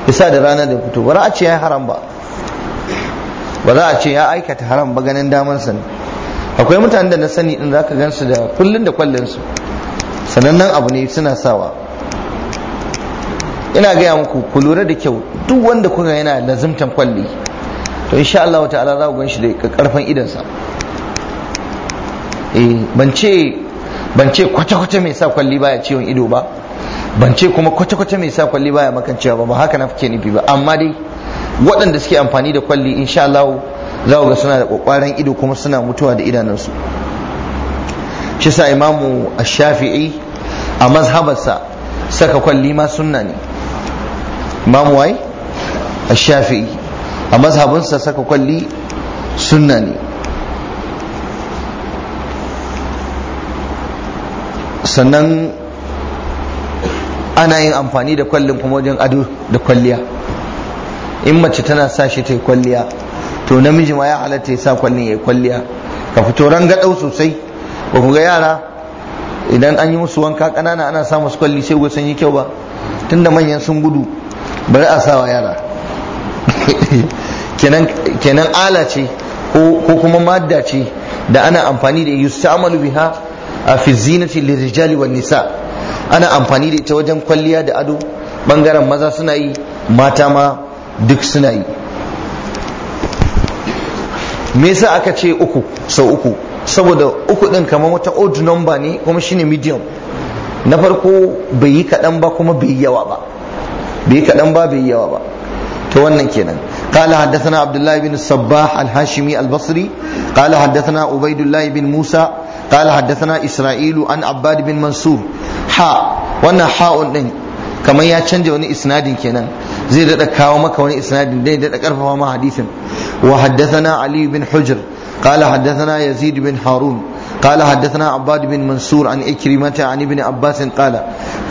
ya sa da rana da fito ba za a ce ya haram ba ba za a ce ya aikata haram ba ganin daman sa akwai mutanen da na sani in zaka gansu da kullun da su sanannan abu ne suna sawa ina gaya muku ku lura da kyau duk wanda kuka yana lazimtan kwalli to insha Allah ta'ala za ku gan shi da karfin sa eh ban ce ban ce kwata-kwata mai sa kwalli baya ciwon ido ba ban ce kuma kwata-kwata mai sa kwalli baya makancewa ba ba haka na fike nufi ba amma dai waɗanda suke amfani da kwalli insha Allah za ga suna da kwakwaran ido kuma suna mutuwa da idanunsu shi sa imamu ash-shafi'i a mazhabarsa saka kwalli ma sunna ne imamu wai a shafi a mazhabinsa saka kwalli sunna ne sannan ana yin amfani da kwallin kuma wajen ado da kwalliya in mace tana sa shi ta yi kwalliya to namiji ma ya halatta ya sa kwallin ya yi kwalliya ka fito rangadau sosai ba ku ga yara idan an yi musu wanka ƙanana ana sa musu kwalli sai ga yi kyau ba tunda manyan sun gudu bari a sawa yara kenan ala ce ko kuma madda ce da ana amfani da yusta'malu biha a fi zinati lirijali wa nisa ana amfani da ita wajen kwalliya da ado bangaren maza suna yi mata ma duk suna yi me yasa aka ce uku sau uku saboda uku din kamar wata odd number ne kuma shine medium na farko bai yi kaɗan ba kuma bai yi yawa ba bai kaɗan ba bai yawa ba to wannan kenan قال حدثنا عبد الله بن الصباح الهاشمي البصري قال حدثنا عبيد الله بن موسى قال حدثنا إسرائيل عن عباد بن منصور حاء وانا حاء canja wani isnadin kenan zai dada kawo maka wani isnadin dai dada karfafa ma hadisin wa haddathana bin hujr قال حدثنا يزيد بن هارون قال حدثنا عباد بن منصور عن إكرمة عن ابن عباس قال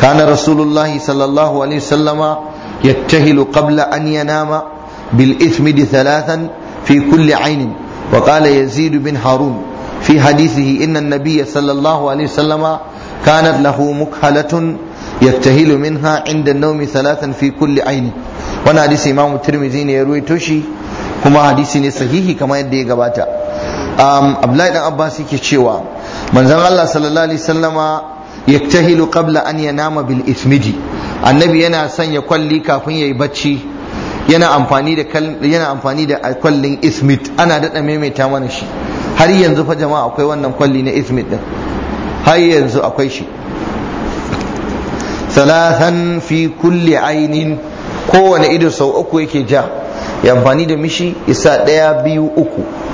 كان رسول الله صلى الله عليه وسلم يتهل قبل أن ينام بالإثمد ثلاثا في كل عين وقال يزيد بن هارون في حديثه إن النبي صلى الله عليه وسلم كانت له مكحلة يبتهل منها عند النوم ثلاثا في كل عين وانا حديث امام الترمذي ne ya ruwaito shi kuma hadisi ne sahihi kamar yadda ya gabata Um, abdullahi dan abbas yake cewa manzon Allah sallallahu alaihi wasallama yaktahilu qabla an yanama bil ismidi annabi yana sanya kwalli kafin yayi bacci yana amfani da yana amfani da kwallin ismid ana dada maimaita mana shi har yanzu fa jama'a akwai wannan kwalli na ismid din har yanzu akwai shi Salatan fi kulli ainin kowane ido sau uku yake ja ya amfani da mishi isa ɗaya biyu uku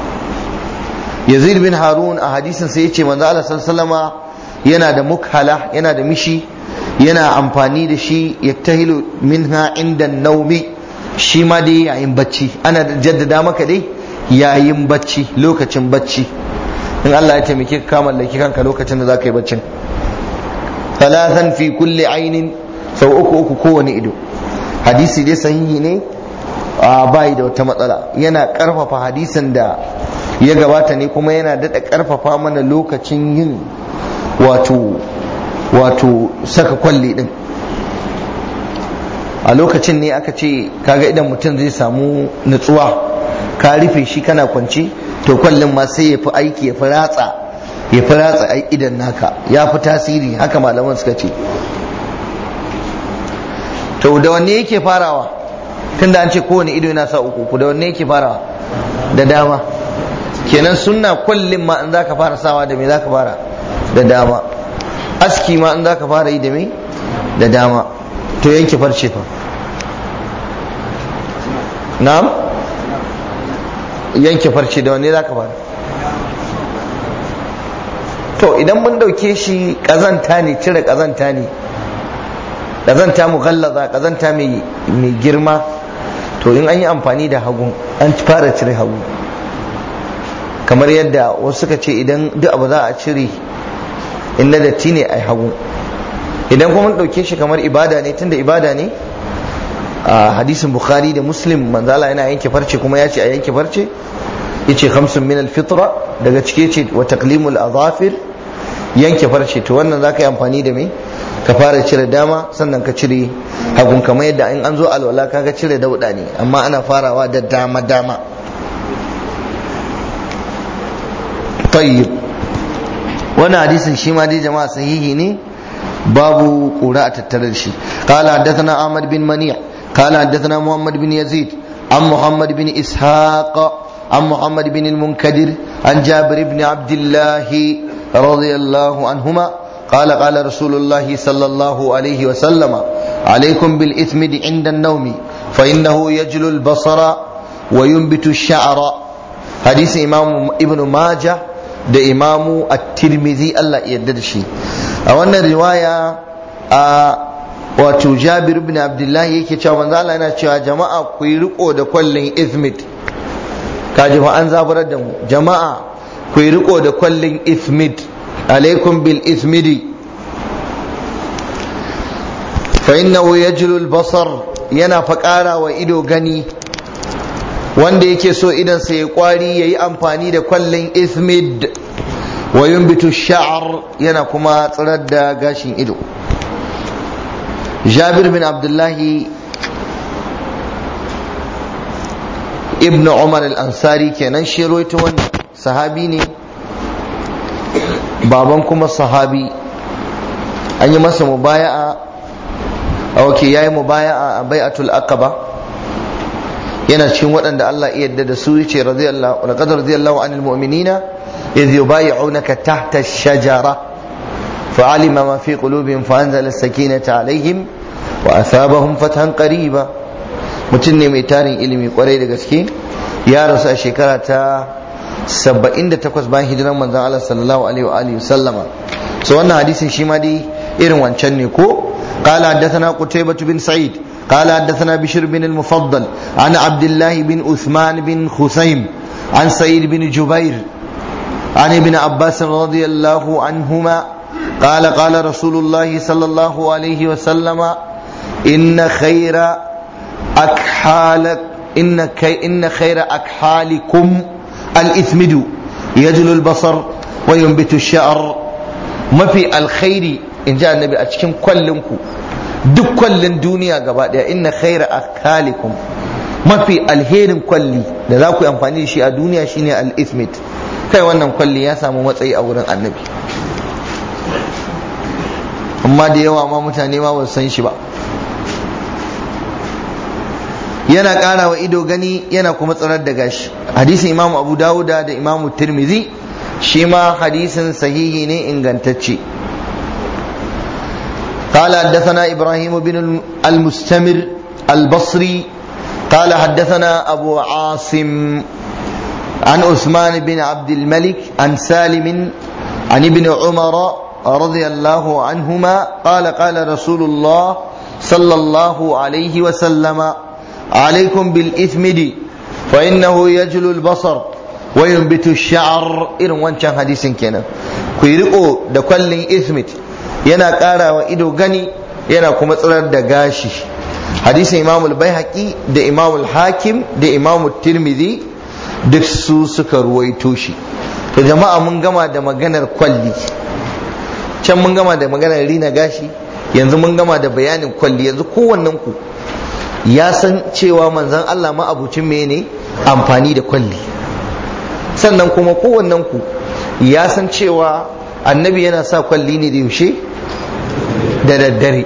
yazid bin harun a hadisin sai yace manzo Allah sallallahu yana da mukhala yana da mishi yana amfani da shi yaktahilu minha inda naumi shi ma dai yayin bacci ana jaddada maka dai yayin bacci lokacin bacci in Allah ya taimake ka mallaki kanka lokacin da zaka yi baccin thalathan fi kulli ainin sau uku uku kowane ido hadisi dai sahihi ne a bai da wata matsala yana karfafa hadisin da ya gabata ne kuma yana daɗa ƙarfafa mana lokacin yin wato wato saka kwalli ɗin a lokacin ne aka ce kaga idan mutum zai samu nutsuwa ka rufe shi kana kwanci to kwallin ma sai ya fi aiki ya fi ratsa ya fi ratsa idan naka ya fi tasiri haka malaman suka ce to da wanne yake farawa tunda an ce kowane ido yana sa uku da wanne yake farawa da dama kenan suna kullum ma in zaka fara sawa da me zaka fara da dama aski ma in zaka fara yi da me da dama to yanke farce fa na'am yanke farce da wani za zaka fara to idan mun dauke shi kazanta ne cire kazanta ne kazanta kallaza, kazanta mai girma to in an yi amfani da hagu an fara cire hagu kamar yadda wasu suka ce idan duk abu za a cire inna na datti ne a hagu idan kuma mun ɗauke shi kamar ibada ne tunda ibada ne a hadisin bukhari da muslim manzala yana yanke farce kuma ya ce a yanke farce yace khamsun min alfitra daga cike ce wa taqlimul azafir yanke farce to wannan zaka yi amfani da me ka fara cire dama sannan ka cire hagun kamar yadda in an zo alwala kaga cire dauda ne amma ana farawa da dama dama tayyib wannan hadisin shi ma dai jama'a sahihi ne babu ƙura a tattare shi qala haddathana ahmad bin mani' qala haddathana yazid an muhammad an muhammad bin munkadir an jabir ibn abdullah قال قال رسول الله صلى الله عليه وسلم عليكم بالإثم عند النوم فإنه يجلو البصر وينبت الشعر حديث إمام ابن ماجه da imamu a Tirmizi. Allah ya yarda da shi a wannan riwaya a wato Jabir ibn Abdullahi yake cewa manzo Allah yana cewa jama'a ku yi riko da kwallin ismit kaji fa an zaburar da mu jama'a ku yi riko da kwallin ismit alaikum bil ismidi fa innahu yajlu basar yana faƙara wa ido gani wanda yake so idan sa ya kwari yayi amfani da kwallon ismid wa bitu sha'ar yana kuma tsirar da gashin ido jabir bin abdullahi ibn umar al-ansari kenan shi roito sahabi ne baban kuma sahabi an yi masa mubaya'a a wake ya yi mubaya'a a bai'atul aqaba yana cikin waɗanda Allah ya yarda da su yace radiyallahu qadar radiyallahu anil mu'minina idh yubay'unaka tahta ash-shajara alima ma fi qulubihim fa anzala as-sakinata alayhim wa asabahum fathan qariba mutum ne mai tarin ilimi kwarai da gaske ya rasu a shekara ta 78 bayan hijiran manzon Allah sallallahu alaihi wa alihi sallama so wannan hadisin shi ma dai irin wancan ne ko قال حدثنا قتيبة بن سعيد قال حدثنا بشر بن المفضل عن عبد الله بن عثمان بن خثيم عن سعيد بن جبير عن ابن عباس رضي الله عنهما قال قال رسول الله صلى الله عليه وسلم إن خير أكحالك إن, كي إن خير أكحالكم الإثمد يجل البصر وينبت الشعر ما في الخير إن جاء النبي أتشكم كلكم duk kwallin duniya gaba daya inna khaira akalikum mafi alherin kwalli da za ku yi amfani da shi a duniya shine al ismit kai wannan kwalli ya samu matsayi a wurin annabi amma da yawa ma mutane ma ba san shi ba yana ƙara wa ido gani yana kuma tsarar da gashi hadisin imamu abu dawuda da imamu tirmizi shi ma hadisin sahihi ne ingantacce قال حدثنا إبراهيم بن المستمر البصري قال حدثنا أبو عاصم عن عثمان بن عبد الملك عن سالم عن ابن عمر رضي الله عنهما قال قال رسول الله صلى الله عليه وسلم عليكم بالإثمد فإنه يجل البصر وينبت الشعر إن وانشان حديث كيرقو ده كل إثمد yana ƙarawa ido gani yana kuma tsirar da gashi hadisin imamul bai da imamul hakim da imamu tirmidhi duk su suka ruwaito shi Da jama'a mun gama da maganar kwalli can mun gama da maganar rina gashi yanzu mun gama da bayanin kwalli yanzu kowannen ku ya san cewa manzon Allah ma abucin mene amfani da kwalli sannan kuma kowannen ku ya san cewa annabi yana sa kwalli ne da yaushe da daddare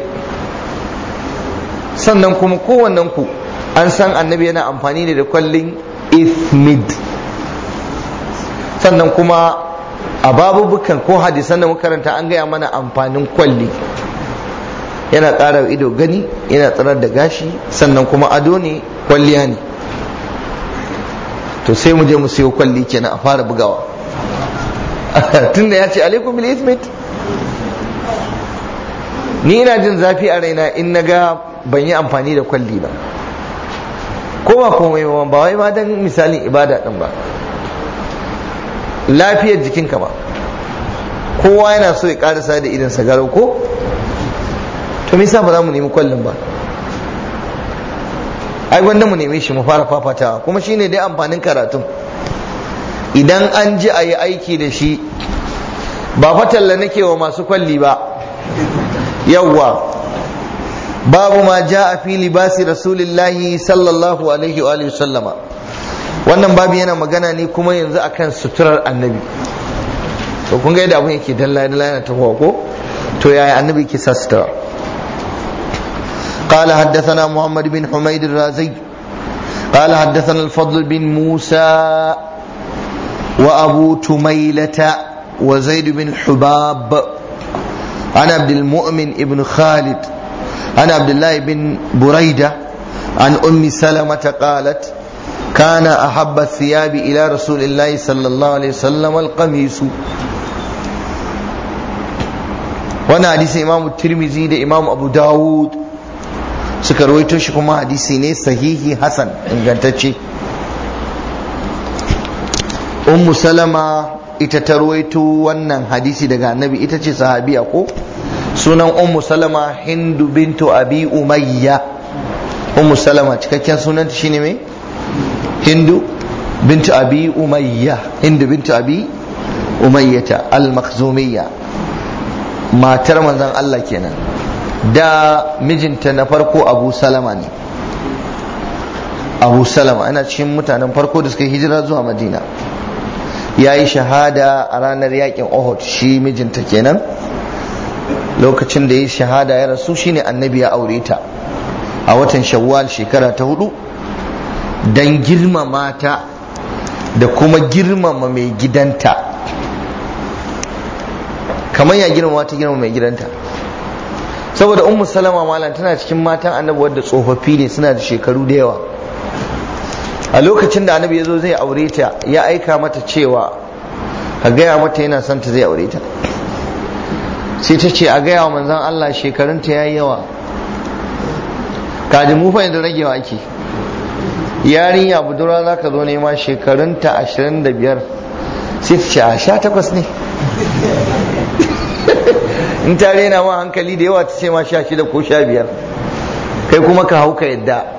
sannan kuma kowannen ku an san annabi yana amfani ne da kwallin ismid sannan kuma a babubukan ko hadisan da makaranta an gaya mana amfanin kwalli yana tsara ido gani yana tsirar da gashi sannan kuma ado ne kwalliya ne to sai mu je mu siyo kwalli kenan a fara bugawa tunda ya ce alaikum bil ismid ni ina jin zafi a raina in na ga ban yi amfani da kwalli ba ko ba komai ba ba wai ma dan misalin ibada din ba lafiyar jikinka ba kowa yana so ya karasa da idan garau ko to me ba za mu nemi kwallin ba ai wanda mu neme shi mu fara fafatawa kuma shine dai amfanin karatun idan an ji a yi aiki da shi ba fatalla nake wa masu kwalli ba yawwa babu ma a fi libasi rasulillahi sallallahu alaihi wa alihi sallama wannan babu yana magana ne kuma yanzu akan suturar annabi to kun ga yadda abun yake dalla dalla yana tafiya ko to yaya annabi ke sa sutura قال حدثنا محمد بن حميد الرازي قال حدثنا الفضل بن موسى وأبو wa وزيد بن حباب عن عبد المؤمن ابن خالد عن عبد الله بن بريدة عن أم سلمة قالت كان أحب الثياب إلى رسول الله صلى الله عليه وسلم القميص وانا حديث إمام الترمذي ده إمام أبو داود suka rawaito shi kuma hadisi ne sahihi hasan ingantacce ummu salama ita ta ruwaito wannan hadisi daga annabi ita ce sahabiya ko sunan ummu salama hindu bintu abi umayya ummu salama cikakken sunanta shine me hindu bintu abi umayya hindu bintu abi umayyata al-makhzumiyya matar manzon Allah kenan da mijinta na farko abu salama ne abu salama ana cikin mutanen farko da suka hijira zuwa madina ya yi shahada a ranar yakin Uhud shi mijinta kenan lokacin da ya shahada ya rasu shine annabi ya aure ta a watan shawwal shekara ta hudu don girmama ta da kuma girmama mai gidanta kamar ya girmama ta girmama mai gidanta saboda ummu salama malam tana cikin matan annabi wadda tsofaffi ne suna da shekaru da yawa a lokacin da annabi ya zo zai aure ta ya aika mata cewa a gaya mata yana son ta zai aure ta sai ta ce a gaya wa manzan Allah shekarunta ya yi yawa kaji mu fa yanzu ragewa ake yarinya budurwa za ka zo nema shekarunta 25 sai ta ce a sha takwas ne in ta rena ma hankali da yawa ta ce ma sha shida ko sha biyar kai kuma ka hauka yadda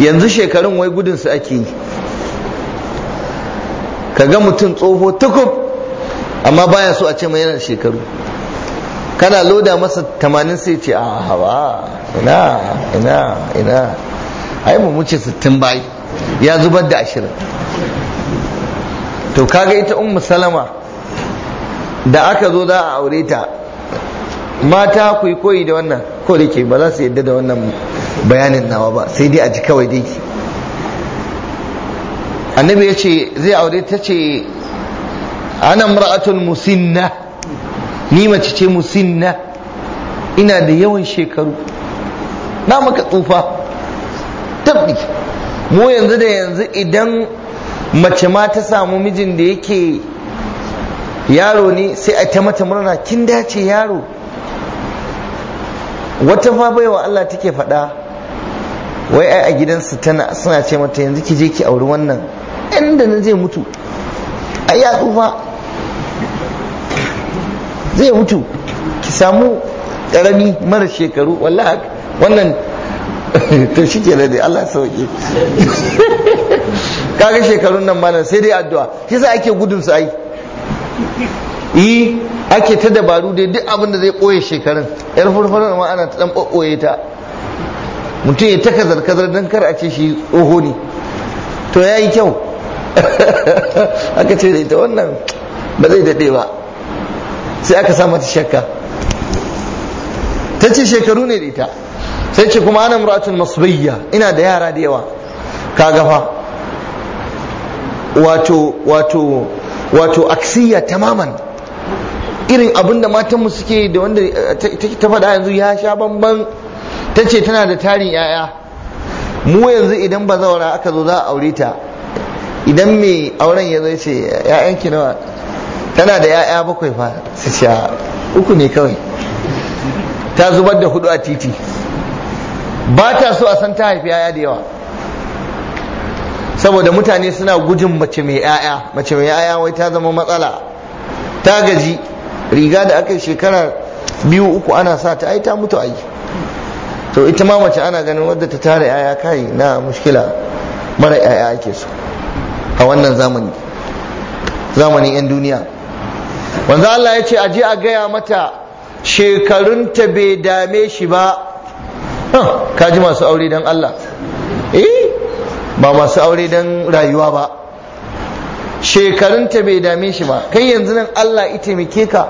yanzu shekarun wai gudun su ake yi ka ga mutum tsoho tukub amma baya so a ce mai yana shekaru kana loda masa tamanin sai ce a ah, hawa ina ina ina ai mu muce sittin bai ya zubar da ashirin to kaga ita ummu salama da aka zo za a aure ta mata ku yi koyi da wannan ko da ke ba za su yadda da wannan bayanin nawa ba sai dai a ji kawai dai annabi ya ce zai aure ta ce ana mar'atul musinna ni mace ce musinna ina da yawan shekaru na maka tsufa tabbi mu yanzu da yanzu idan mace ma ta samu mijin da yake yaro ne sai a ta mata murna kin dace yaro wata fa baiwa Allah take faɗa wai ai a gidansu tana suna ce mata yanzu ki je ki auri wannan inda na zai mutu ai ya tsufa zai mutu ki samu karami mara shekaru wallahi wannan to shi ke dai Allah sauke kaga shekarun nan mana sai dai addu'a shi sa ake gudun su ai yi ake ta dabaru dai duk abin da zai koye shekarun yar furfurar ma ana ta dan ɓoɓɓoye ta mutum ya taka zarkazar don kar a ce shi tsoho ne to ya yi kyau aka ce da ita wannan ba zai daɗe ba sai aka sa mata shakka ta ce shekaru ne da ita sai ce kuma ana muratun bayya. ina da yara da yawa ka gafa wato wato wato aksiya tamaman irin abinda matanmu suke da wanda ta faɗa yanzu ya sha bamban ta ce tana da tarin 'ya'ya mu yanzu idan ba zaura aka zo za a aure ta idan mai auren ya zai ce 'ya'yanki nawa tana da 'ya'ya bakwai fa su ce uku ne kawai ta zubar da hudu a titi ba ta so a san ta haifi 'ya'ya da yawa saboda mutane suna gujin mace mai 'ya'ya mace mai 'ya'ya wai ta zama matsala ta gaji riga da aka yi shekara biyu uku ana sa ta ai ta mutu ai to ita ma mace ana ganin wadda ta tara yaya kai na mushkila mara yaya ake so a wannan zamani zamanin yan duniya wanzu Allah ya ce a je a gaya mata shekarunta bai dame shi ba ah, ka ji masu aure don Allah eh ba masu aure don rayuwa ba shekarunta bai dame shi ba kai yanzu nan Allah ita taimake ka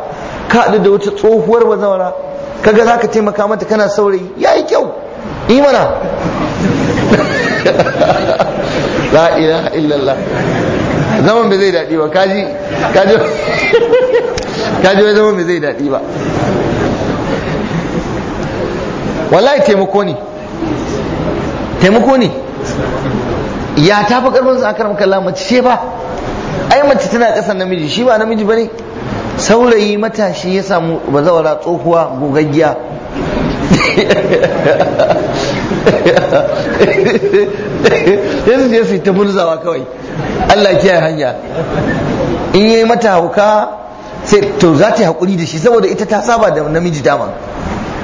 ka da wata tsohuwar bazawara kaga zaka taimaka mata kana saurayi yayi kyau imana la ilaha illallah zaman bai zai daɗi ba kaji kaji kaji wai zaman bai zai daɗi ba wallahi taimako ne taimako ne ya tafi karfin su akaram kalla mace ce ba ai mace tana kasan namiji shi ba namiji bane ne saurayi matashi ya samu bazawara tsohuwa gogaggiya yanzu ya su ta murzawa kawai Allah kiyaye hanya in yi mata hauka sai to za ta yi haƙuri da shi saboda ita ta saba da namiji dama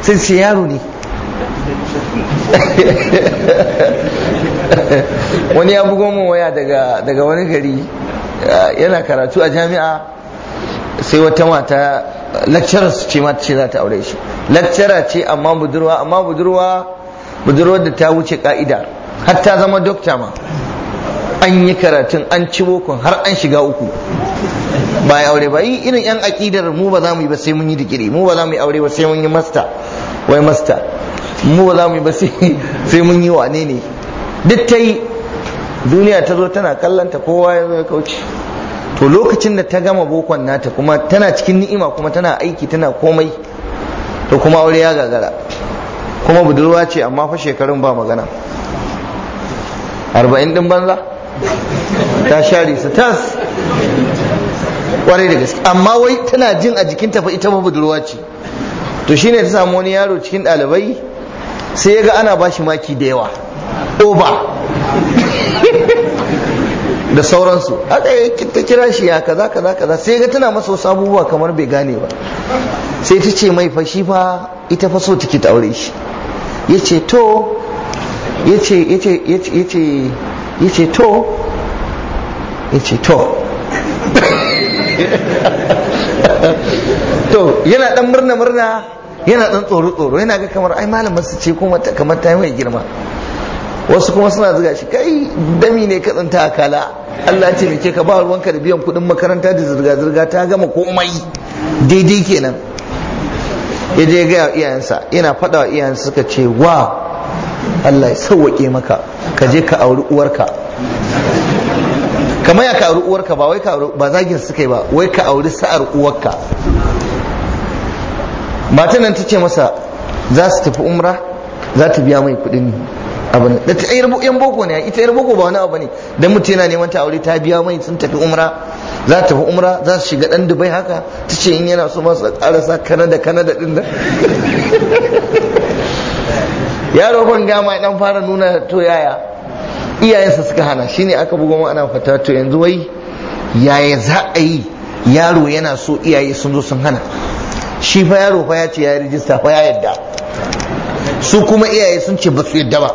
sai sai yaro ne wani ya bugon mu waya daga wani gari yana karatu a jami'a sai wata mata su ce mata ce za ta aure shi lecturer ce amma budurwa amma budurwa budurwar da ta wuce ka'ida har ta zama dokta ma an yi karatun an ci bokon har an shiga uku ba ya aure ba yi irin yan akidar mu ba za mu yi ba sai mun yi digiri mu ba za mu yi aure ba sai mun yi masta wai masta mu ba za mu yi ba sai mun yi wane ne duk ta yi duniya ta zo tana kallanta kowa ya zo ya kauce to lokacin da ta gama bokon nata kuma tana cikin ni'ima kuma tana aiki tana komai to kuma aure ya gagara kuma budurwa ce amma fa shekarun ba magana arba'in din banza ta share su tas kwarai da gaske amma wai tana jin a jikinta fa ita ba budurwa ce to shine ta samu wani yaro cikin ɗalibai sai ya ga ana bashi maki da yawa oba da sauransu haka ta kira shi ya kaza kaza kaza sai ga tana masa wasu abubuwa kamar bai gane ba sai ta ce mai fashi fa ita fa so take ta aure shi ya ce to ya ce ya ce to ya ce to to yana dan murna murna yana dan tsoro tsoro yana ga kamar ai malamar su ce kuma kamar ta yi mai girma wasu kuma suna zuga shi kai dami ne ka tsinta kala Allah ya ce ka ba ruwanka da biyan kuɗin makaranta da zirga-zirga ta gama komai daidai kenan ya je ga iyayensa yana fada wa iyayensa suka ce wa Allah ya sauwaƙe maka ka je ka auri uwarka kamar ya ka auri uwarka ba wai ka auri ba zagin suka yi ba wai ka auri sa'ar uwarka matan nan ta ce masa za su tafi umra za ta biya mai kudin abu ne da ta yan boko ne ita yar boko ba wani abu ne dan mutum yana neman ta aure ta biya mai sun tafi umra za ta tafi umra za su shiga dan dubai haka ta ce in yana so ba su karasa kanada kanada din nan yaro ban gama dan fara nuna to yaya iyayensa suka hana shine aka bugo ma ana fata to yanzu wai yaya za a yi yaro yana so iyaye sun zo sun hana shi fa yaro fa ya ce ya rijista fa ya yadda su kuma iyaye sun ce ba su yadda ba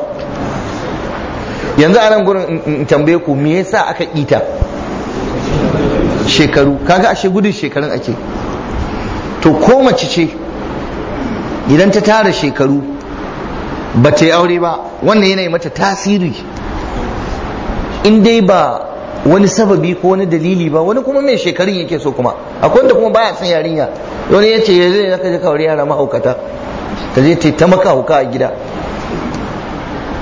yanzu a nan gurin in tambaye ku me yasa aka kita shekaru kaga ashe gudun shekarun ake to ko mace ce idan ta tara shekaru ba ta yi aure ba wannan yana mata tasiri in dai ba wani sababi ko wani dalili ba wani kuma mai shekarun yake so kuma akwai wanda kuma baya son yarinya wani yace yanzu ya zaka je ka aure yara mahaukata Ta je ta maka hauka a gida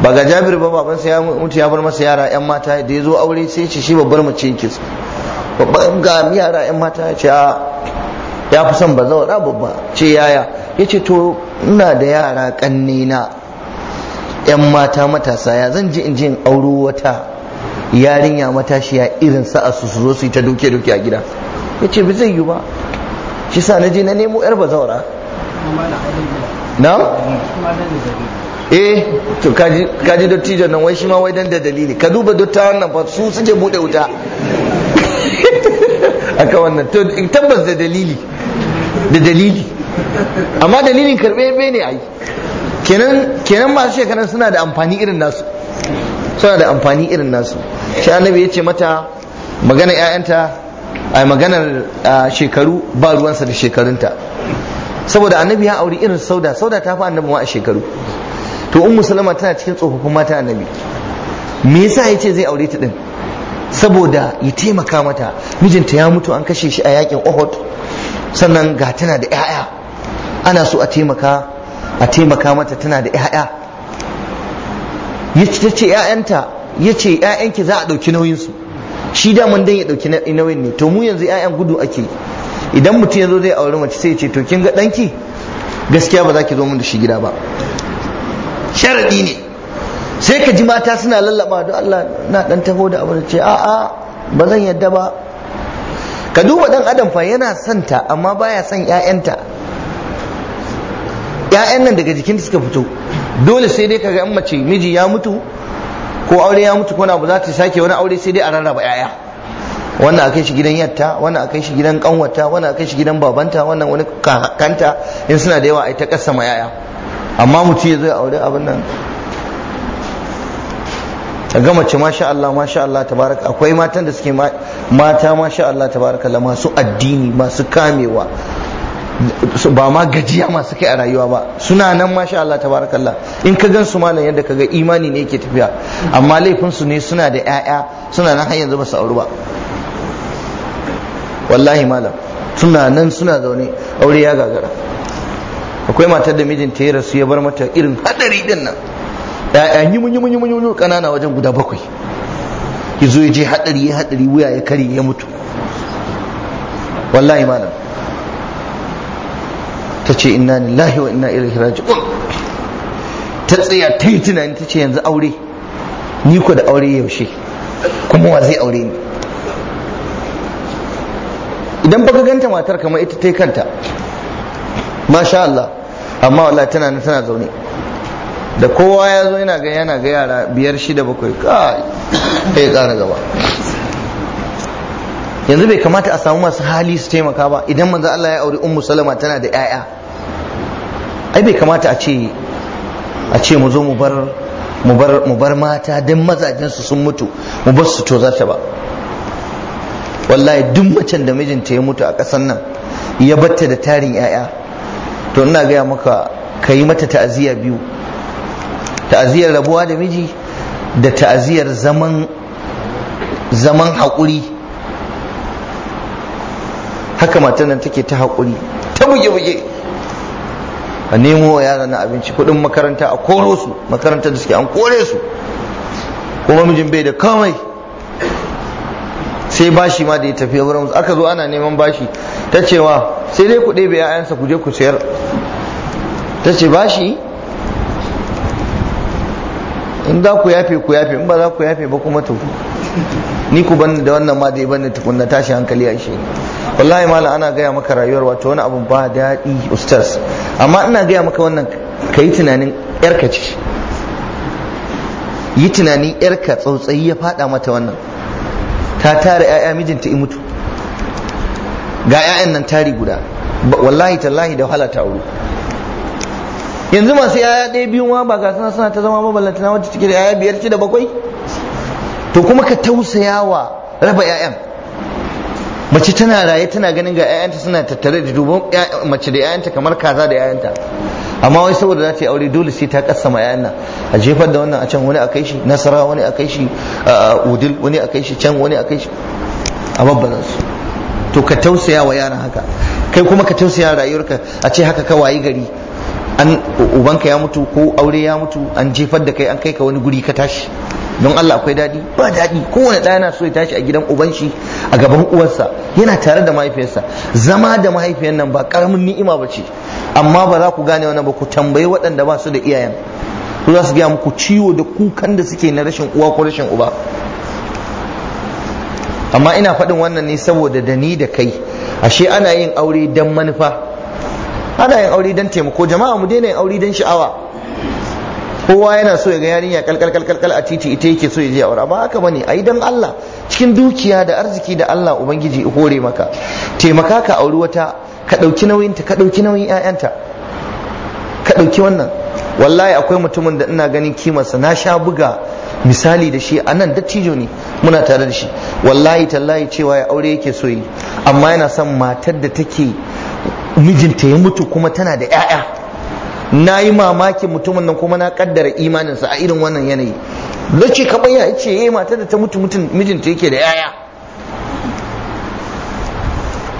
ba ga jabir ba baban sa ya mutu ya bar masa yara yan mata da ya zo aure sai ce shi babbar mace yake babban ga yara yan mata ya ce a ya fi son da babba ce yaya ya ce to ina da yara kanne na yan mata matasa ya zan ji in ji in auro wata yarinya matashiya irin sa'a su su zo su yi ta duke duke a gida ya ce bi zai yi ba shi sa na je na nemo yar bazawara na? eh to kaji kaji dattijo nan wai shi ma wai dan da dalili ka duba dattawan nan fa su suke bude wuta aka wannan to tabbas da dalili da dalili amma dalilin karbe be ne ai kenan kenan masu shekaran suna da amfani irin nasu suna da amfani irin nasu shi annabi yace mata magana ƴaƴanta a maganar shekaru ba ruwansa da shekarunta saboda annabi ya auri irin sauda sauda ta fi annabi ma a shekaru to ummu salama tana cikin tsofaffin mata annabi me yasa yace zai aure ta din saboda ya taimaka mata mijinta ya mutu an kashe shi a yakin Uhud sannan ga tana da 'ya'ya ana so a taimaka a taimaka mata tana da 'ya'ya yace tace ƴaƴanta yace 'ya'yanki za a dauki nauyin su shi da mun dan ya dauki nauyin ne to mu yanzu 'ya'yan gudu ake idan mutum ya zo zai aure mace sai ya ce to kin ga danki gaskiya ba za ki zo mun da shi gida ba sharadi ne sai ka ji mata suna lallaba don Allah na dan taho da abu da ce a a ba zan yadda ba ka duba dan adam fa yana son ta amma baya son ƴaƴanta ƴaƴan nan daga jikinta suka fito dole sai dai kaga in mace miji ya mutu ko aure ya mutu ko na za ta sake wani aure sai dai a rarraba ƴaƴa wannan akai shi gidan yatta wannan akai shi gidan kanwata wannan akai shi gidan babanta wannan wani kakanta in suna da yawa ai ta kassa ma ƴaƴa amma mutum ya zai aure abin nan A ga mace masha Allah masha Allah tabaraka akwai matan da suke mata masha Allah tabaraka la masu addini masu kamewa ba ma gajiya masu kai a rayuwa ba suna nan masha Allah tabarakallah in ka gan su malam yadda ka ga imani ne yake tafiya amma laifin su ne suna da ƴaƴa suna nan har yanzu ba su auri ba wallahi malam suna nan suna zaune aure ya gagara akwai matar da mijinta ya rasu ya bar mata irin hadari din nan ya'ya yi mun yi mun yi mun yi kanana wajen guda bakwai ya zo ya je hadari ya hadari wuya ya kare ya mutu wallahi malam ta ce inna lillahi wa inna ilaihi raji'un ta tsaya ta yi tunani ta ce yanzu aure ni ku da aure yaushe kuma wa zai aure ni idan baka ganta matar kamar ita ta kanta masha Allah amma wala tana nan tana zaune da kowa ya zo yana ga yana ga yara biyar shida bakwai kai tsara gaba yanzu bai kamata a samu masu hali su taimaka ba idan manzo Allah ya auri ummu salama tana da yaya ai bai kamata a ce a ce mu zo mu bar mu bar mu bar mata dan mazajen su sun mutu mu bar su to ta ba wallahi duk macen da mijinta ya mutu a kasar nan ya batta da tarin yaya to ina gaya maka ka yi mata ta'aziyya biyu ta'aziyar rabuwa da miji da ta'aziyar zaman zaman haƙuri haka matan nan take ta haƙuri ta buge-buge a nemo wa yara na abinci kudin makaranta a koro su makarantar da suke an kore su kuma mijin bai da kamai sai bashi ma da ya tafi wurin aka zo ana neman bashi ta cewa sai dai ku ɗebe 'ya'yansa ku je ku sayar ta ce ba shi in za ku yafe ku yafe in ba za ku yafe ba kuma tuku ni ku ban da wannan ma da ban da tukunna tashi hankali a shi wallahi malam ana gaya maka rayuwar wato wani abu ba daɗi ustaz amma ina gaya maka wannan ka yi tunanin yarka ce yi tunanin yarka tsautsayi ya faɗa mata wannan ta tara 'ya'ya mijinta i mutu ga 'ya'yan nan tari guda wallahi tallahi da wahala ta aure yanzu masu yaya ɗaya biyu ma ba ga suna suna ta zama maballanta na wacce take da yaya biyar ce da bakwai to kuma ka tausaya wa raba yayan mace tana raye tana ganin ga yayanta suna tattare da dubon mace da yayanta kamar kaza da yayanta amma wai saboda za ta yi aure dole sai ta ma yayan nan a jefar da wannan a can wani a kai shi nasara wani a kai shi udil wani a shi can wani a shi a babbalansu to ka tausaya wa yaran haka kai kuma ka tausaya rayuwarka a ce haka ka wayi gari an ubanka ya mutu ko aure ya mutu an jefar da kai an kai ka wani guri ka tashi don Allah akwai daɗi ba daɗi kowane ɗaya yana so ya tashi a gidan uban shi a gaban uwarsa yana tare da mahaifiyarsa zama da mahaifiyar nan ba karamin ni'ima ba ce amma ba za ku gane wani ba ku tambayi waɗanda ba su da iyayen ku za su gaya muku ciwo da kukan da suke na rashin uwa ko rashin uba amma ina faɗin wannan ne saboda da ni da kai ashe ana yin aure don manufa ana yin aure don taimako jama'a mu daina yin aure don sha'awa kowa yana so ya ga yarinya kalkal kalkal a titi ita yake so ya je aure amma haka bane ai dan Allah cikin dukiya da arziki da Allah ubangiji hore maka taimaka ka auri wata ka dauki nauyin ta ka dauki nauyin ƴaƴanta ka dauki wannan wallahi akwai mutumin da ina ganin kimarsa na sha buga misali da shi a nan dattijo ne muna tare da shi wallahi tallahi cewa ya aure yake so yi amma yana son matar da take mijinta ya mutu kuma tana da 'ya'ya na yi mamakin mutumin nan kuma na kaddara imaninsa a irin wannan yanayi lokaci kaɓai ya ce ya eh, matar da ta mutu mutum mijinta yake da 'ya'ya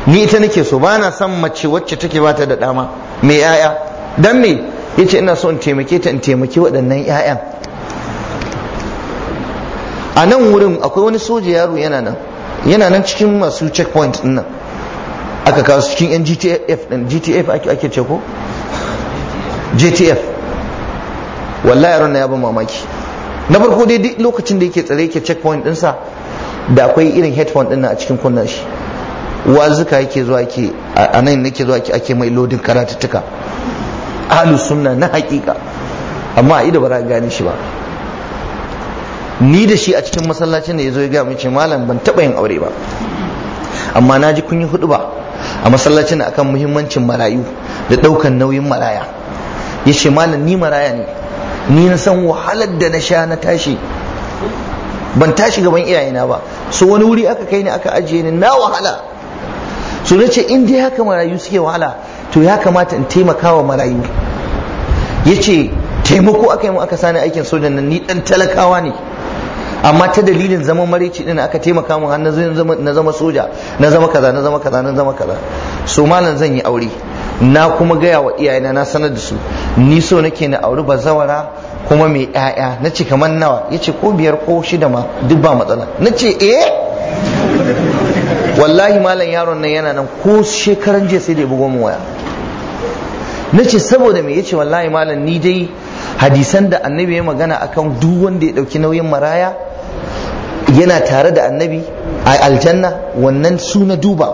ni ita nake so ba na son mace wacce take bata da dama mai 'ya'ya dan me ce ina so in taimake ta in taimake waɗannan 'ya'yan a nan wurin akwai wani soja yaro yana nan yana nan cikin masu checkpoint din nan aka kawo su cikin yan gtf din gtf ake ce ko gtf wallahi yaron na ya ban mamaki na farko dai duk lokacin da yake tsare yake checkpoint dinsa da akwai irin headphone din a cikin kunnan shi wazuka yake zuwa ke a nan yake zuwa ke ake mai lodin karatuttuka ahlus sunna na hakika amma a ido ba za gane shi ba ni da shi a cikin masallacin da ya zo ya gaya ce malam ban taɓa yin aure ba amma na ji kun yi hudu ba a masallacin akan muhimmancin marayu da ɗaukan nauyin maraya ya ce malam ni maraya ne ni na san wahalar da na sha na tashi ban tashi gaban iyayena ba so wani wuri aka kai ni aka ajiye ni na wahala so na ce in dai haka marayu suke wahala to ya kamata in taimaka wa marayu ya ce taimako aka yi mu aka sani aikin sojan nan ni dan talakawa ne amma ta dalilin zaman maraici din aka taimaka mun har na zama soja na zama kaza na zama kaza na zama kaza so malam zan yi aure na kuma gaya wa iyayena na sanar da su ni so nake na ba bazawara kuma mai ƴaƴa na ce kamar nawa ya ce ko biyar ko shida ma duk ba matsala na ce eh wallahi malam yaron nan yana nan ko shekaran jiya sai da ya bugo min waya na ce saboda me yace wallahi malam ni dai hadisan da annabi ya magana akan duk wanda ya dauki nauyin maraya yana tare da annabi a aljanna wannan su na duba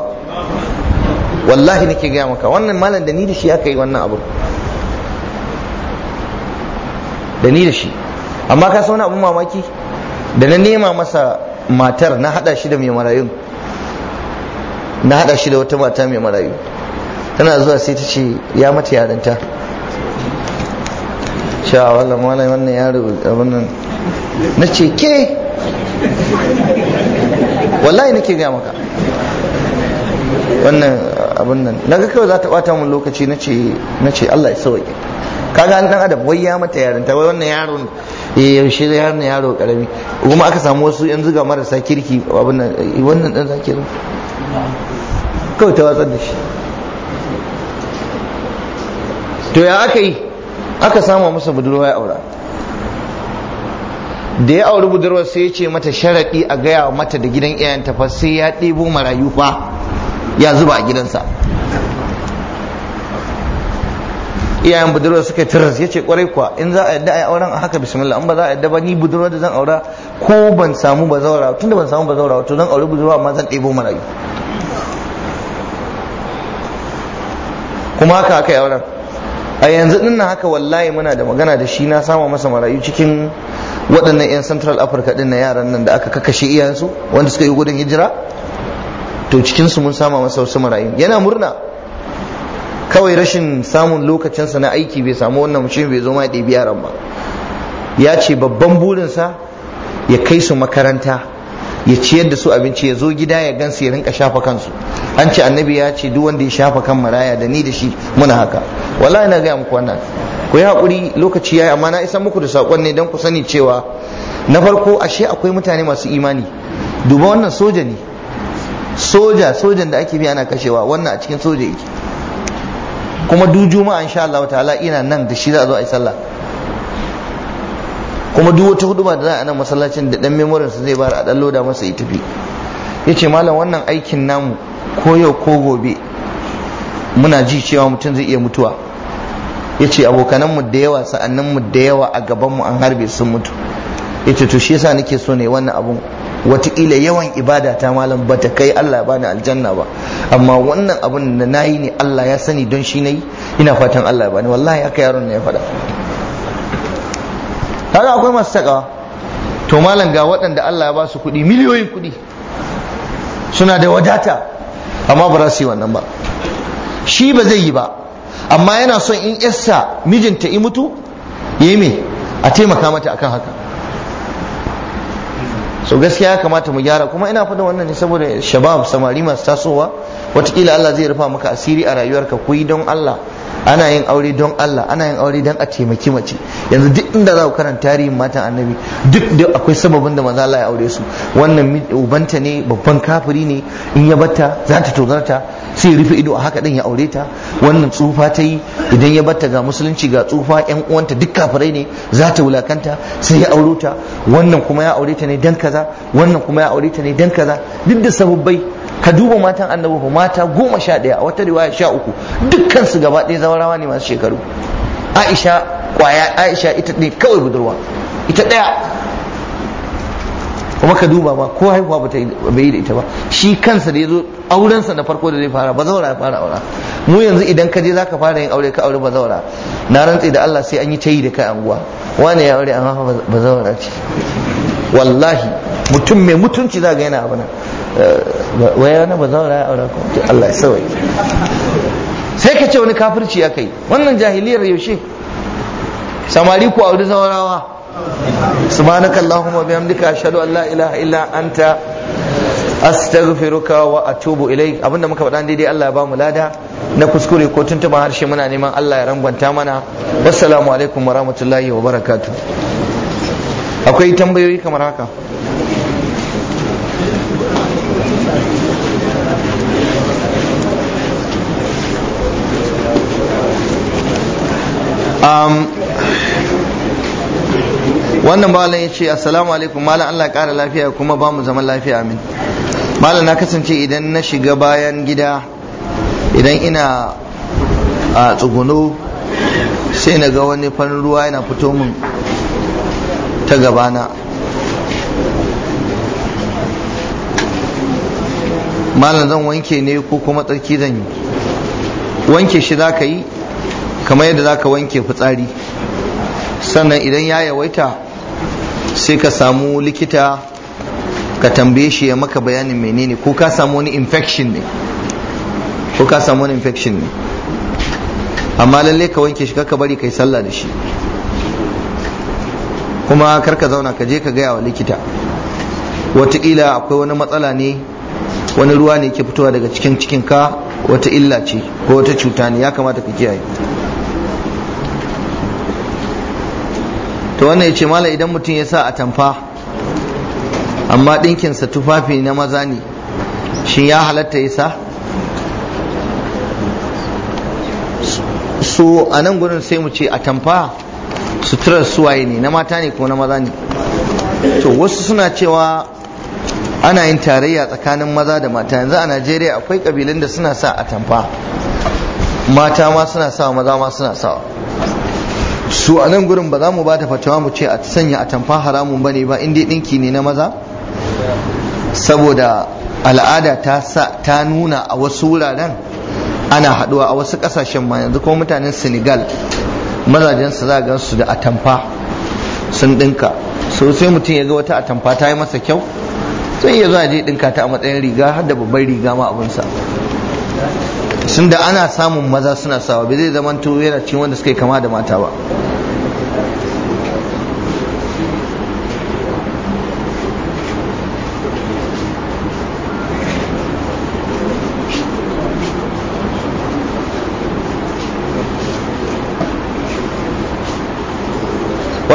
wallahi nake gaya maka wannan malam da ni da shi aka yi wannan abu da ni da shi amma ka sauna abin mamaki da na nema masa matar na hada shi da mai marayun na hada shi da wata mata mai marayu tana zuwa sai ta ce ya mata yarinta sha wannan yaro wannan na ce ke wallahi nake gaya maka wannan abin nan na ga kawai za ta bata mun lokaci na ce Allah ya sauke kaga an dan adam wai ya mata yarinta wai wannan yaron eh yaushe da yaron yaro karami kuma aka samu wasu yan zuga marasa kirki abin nan eh, wannan dan zakiru kawai ta watsar da shi to ya aka yi aka samu masa budurwa ya aura da ya auri budurwa sai ya ce mata sharaɗi a gaya mata da gidan iyayenta fa sai ya ɗebo marayu fa ya zuba a gidansa iyayen budurwa suka tiras ya ce kwarai kuwa in za a yadda a yi auren a haka bismillah in ba za a yadda ba ni budurwar da zan aura ko ban samu ba zaura tun da ban samu ba zaura to zan auri budurwa amma zan ɗebo marayu kuma haka aka yi auren a yanzu din nan haka wallahi muna da magana da shi na samu masa marayu cikin waɗannan 'yan central africa din na yaran nan da aka kakashe iyayensu wanda suka yi gudun hijira to cikinsu mun sama masa wasu marayu yana murna kawai rashin samun lokacinsa na aiki bai samu wannan mutum bai zo ma ya ɗebi yaran ba ya ce babban burinsa ya kai su makaranta ya ciyar da su abinci ya zo gida ya su ya rinka shafa kansu an ce annabi ya ce duk wanda ya shafa kan maraya da ni da shi muna haka wallahi na gaya muku wannan ku yi hakuri lokaci ya yi amma na isa muku da sakon ne don ku sani cewa na farko ashe akwai mutane masu imani duba wannan soja ne soja sojan da ake bi ana kashewa wannan a cikin soja yake kuma dujuma juma'a insha Allah ta'ala ina nan da shi za a zo a yi sallah kuma duk wata huduma da za a nan masallacin da dan memorin su zai bara a dan loda masa ya tafi yace malam wannan aikin namu ko yau ko gobe muna ji cewa mutum zai iya mutuwa yace abokanan mu da yawa sa'annan mu da yawa a gaban mu an harbe sun mutu yace to shi yasa nake so ne wannan abun wataƙila yawan ibada ta malam ba ta kai Allah ba ni aljanna ba amma wannan abun da nayi ne Allah ya sani don shi nayi ina fatan Allah ba ni wallahi haka yaron ne ya faɗa kaga akwai masu takawa to malam ga waɗanda Allah ya ba su kuɗi miliyoyin kuɗi suna da wadata amma ba za su yi wannan ba shi ba zai yi ba amma yana son in yassa mijinta i mutu ya yi me a taimaka mata akan haka so gaskiya ya kamata mu gyara kuma ina fada wannan ne saboda shabab samari masu tasowa wataƙila Allah zai rufa maka asiri a rayuwarka ku yi don Allah ana yin aure don Allah ana yin aure don a taimaki mace yanzu duk inda za ku karanta tarihin matan annabi duk da akwai sababin da maza Allah ya aure su wannan ubanta ne babban kafiri ne in ya batta za ta tozarta sai rufe ido a haka din ya aure ta wannan tsufa ta yi idan ya batta ga musulunci ga tsufa yan uwanta duk kafirai ne za ta wulakanta sai ya aure ta wannan kuma ya aure ta ne dan kaza wannan kuma ya aure ta ne dan kaza duk da sababbai ka duba matan annabi fa mata goma sha ɗaya a wata riwaya sha uku dukkan su gaba ɗaya zawarawa ne masu shekaru aisha kwaya aisha ita ne kawai budurwa ita ɗaya kuma ka duba ba ko haihuwa ba bai yi da ita ba shi kansa da ya zo aurensa na farko da zai fara ba zaura ya fara aura mu yanzu idan ka je za ka fara yin aure ka aure ba zaura na rantse da Allah sai an yi tayi da kai anguwa wane ya aure an hafa ba zaura ce wallahi mutum mai mutunci za ga yana abana wai na ba zaura ya aura ko Allah ya sawai sai ka ce wani kafirci ya kai wannan jahiliyar yaushe samari ku auri zaurawa subhanaka allahumma bihamdika ashhadu an la ilaha illa anta astaghfiruka wa atubu ilaik abinda muka faɗa daidai Allah ya ba mu lada na kuskure ko tuntuban harshe muna neman Allah ya rangwanta mana wassalamu alaikum wa rahmatullahi wa barakatuh akwai tambayoyi kamar haka Um, wannan malam ya ce assalamu alaikum malam Allah ƙara lafiya kuma ba mu zama lafiya amin malam na kasance idan na shiga bayan gida idan ina a tsuguno sai na ga wani farin ruwa yana fito min ta gabana malam zan wanke ne ko kuma tsarki zan yi wanke shi za ka yi kamar yadda zaka wanke fitsari sannan idan ya yawaita sai ka samu likita ka tambaye shi ya maka bayanin menene ko ka samu wani infection ne ko ka samu wani infection ne amma lalle ka wanke shi ka bari kai sallah da shi kuma kar ka zauna ka je ka gaya wa likita wataƙila akwai wani matsala ne wani ruwa ne ke fitowa daga cikin cikin ka wata illa ce ko wata cuta ne ya kamata ka kiyaye to wannan yace mala idan mutum ya sa a tamfa amma ɗinkinsa tufafi na maza ne shi ya halatta ya sa so a nan gurin sai mu ce a tamfa suturar suwaye ne na mata ne ko na maza ne to wasu suna cewa ana yin tarayya tsakanin maza da mata yanzu a najeriya akwai ƙabilun da suna sa a tamfa mata ma suna sawa maza ma suna sawa su a nan gurin ba za mu ba ta fatawa mu ce a sanya a tamfa haramun bane ba inda ɗinki ne na maza saboda al'ada ta ta nuna a wasu wuraren ana haɗuwa a wasu ƙasashen ma yanzu kuma mutanen senegal mazajen su za gan su da atamfa sun ɗinka so sai mutum ya ga wata atamfa ta yi masa kyau sai ya zo a je ɗinka ta a matsayin riga har da babban riga ma abinsa sun da ana samun maza suna sawa bai zai zama to yana cikin wanda suka kama da mata ba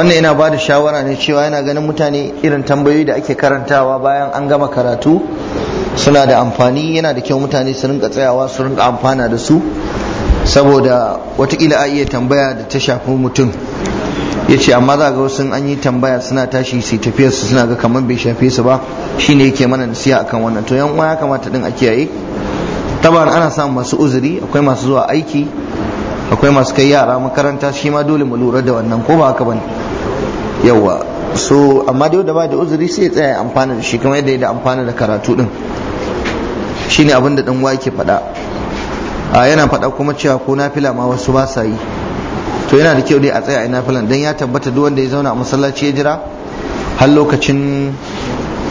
wannan yana ba da shawara ne cewa yana ganin mutane irin tambayoyi da ake karantawa bayan an gama karatu suna da amfani yana da kyau mutane su rinka tsayawa su rinka amfana da su saboda watakila a iya tambaya da ta shafi mutum ya ce amma za ga wasu an yi tambaya suna tashi su tafiyar su suna ga kamar bai shafe su ba shine yake mana nasiya akan wannan to yan uwa ya kamata din a kiyaye tabar ana samun masu uzuri akwai masu zuwa aiki akwai masu kai yara makaranta shi ma dole mu lura da wannan ko ba haka bane yawa so amma dai da ba da uzuri sai ya tsaya amfana da shi kamar yadda ya amfana da karatu din shine abin da dan yake faɗa a yana faɗa kuma cewa ko nafila ma wasu ba sa yi to yana da kyau dai a tsaya a nafilan dan ya tabbata duk wanda ya zauna a masallaci ya jira har lokacin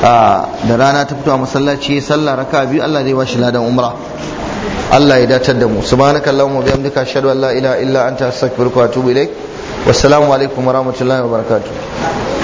da rana ta fito a masallaci ya sallah raka biyu Allah zai shi ladan umra Allah ya datar da mu subhanaka allahumma bihamdika ashhadu an la ilaha illa anta astaghfiruka wa atubu ilaik wassalamu alaikum warahmatullahi wabarakatuh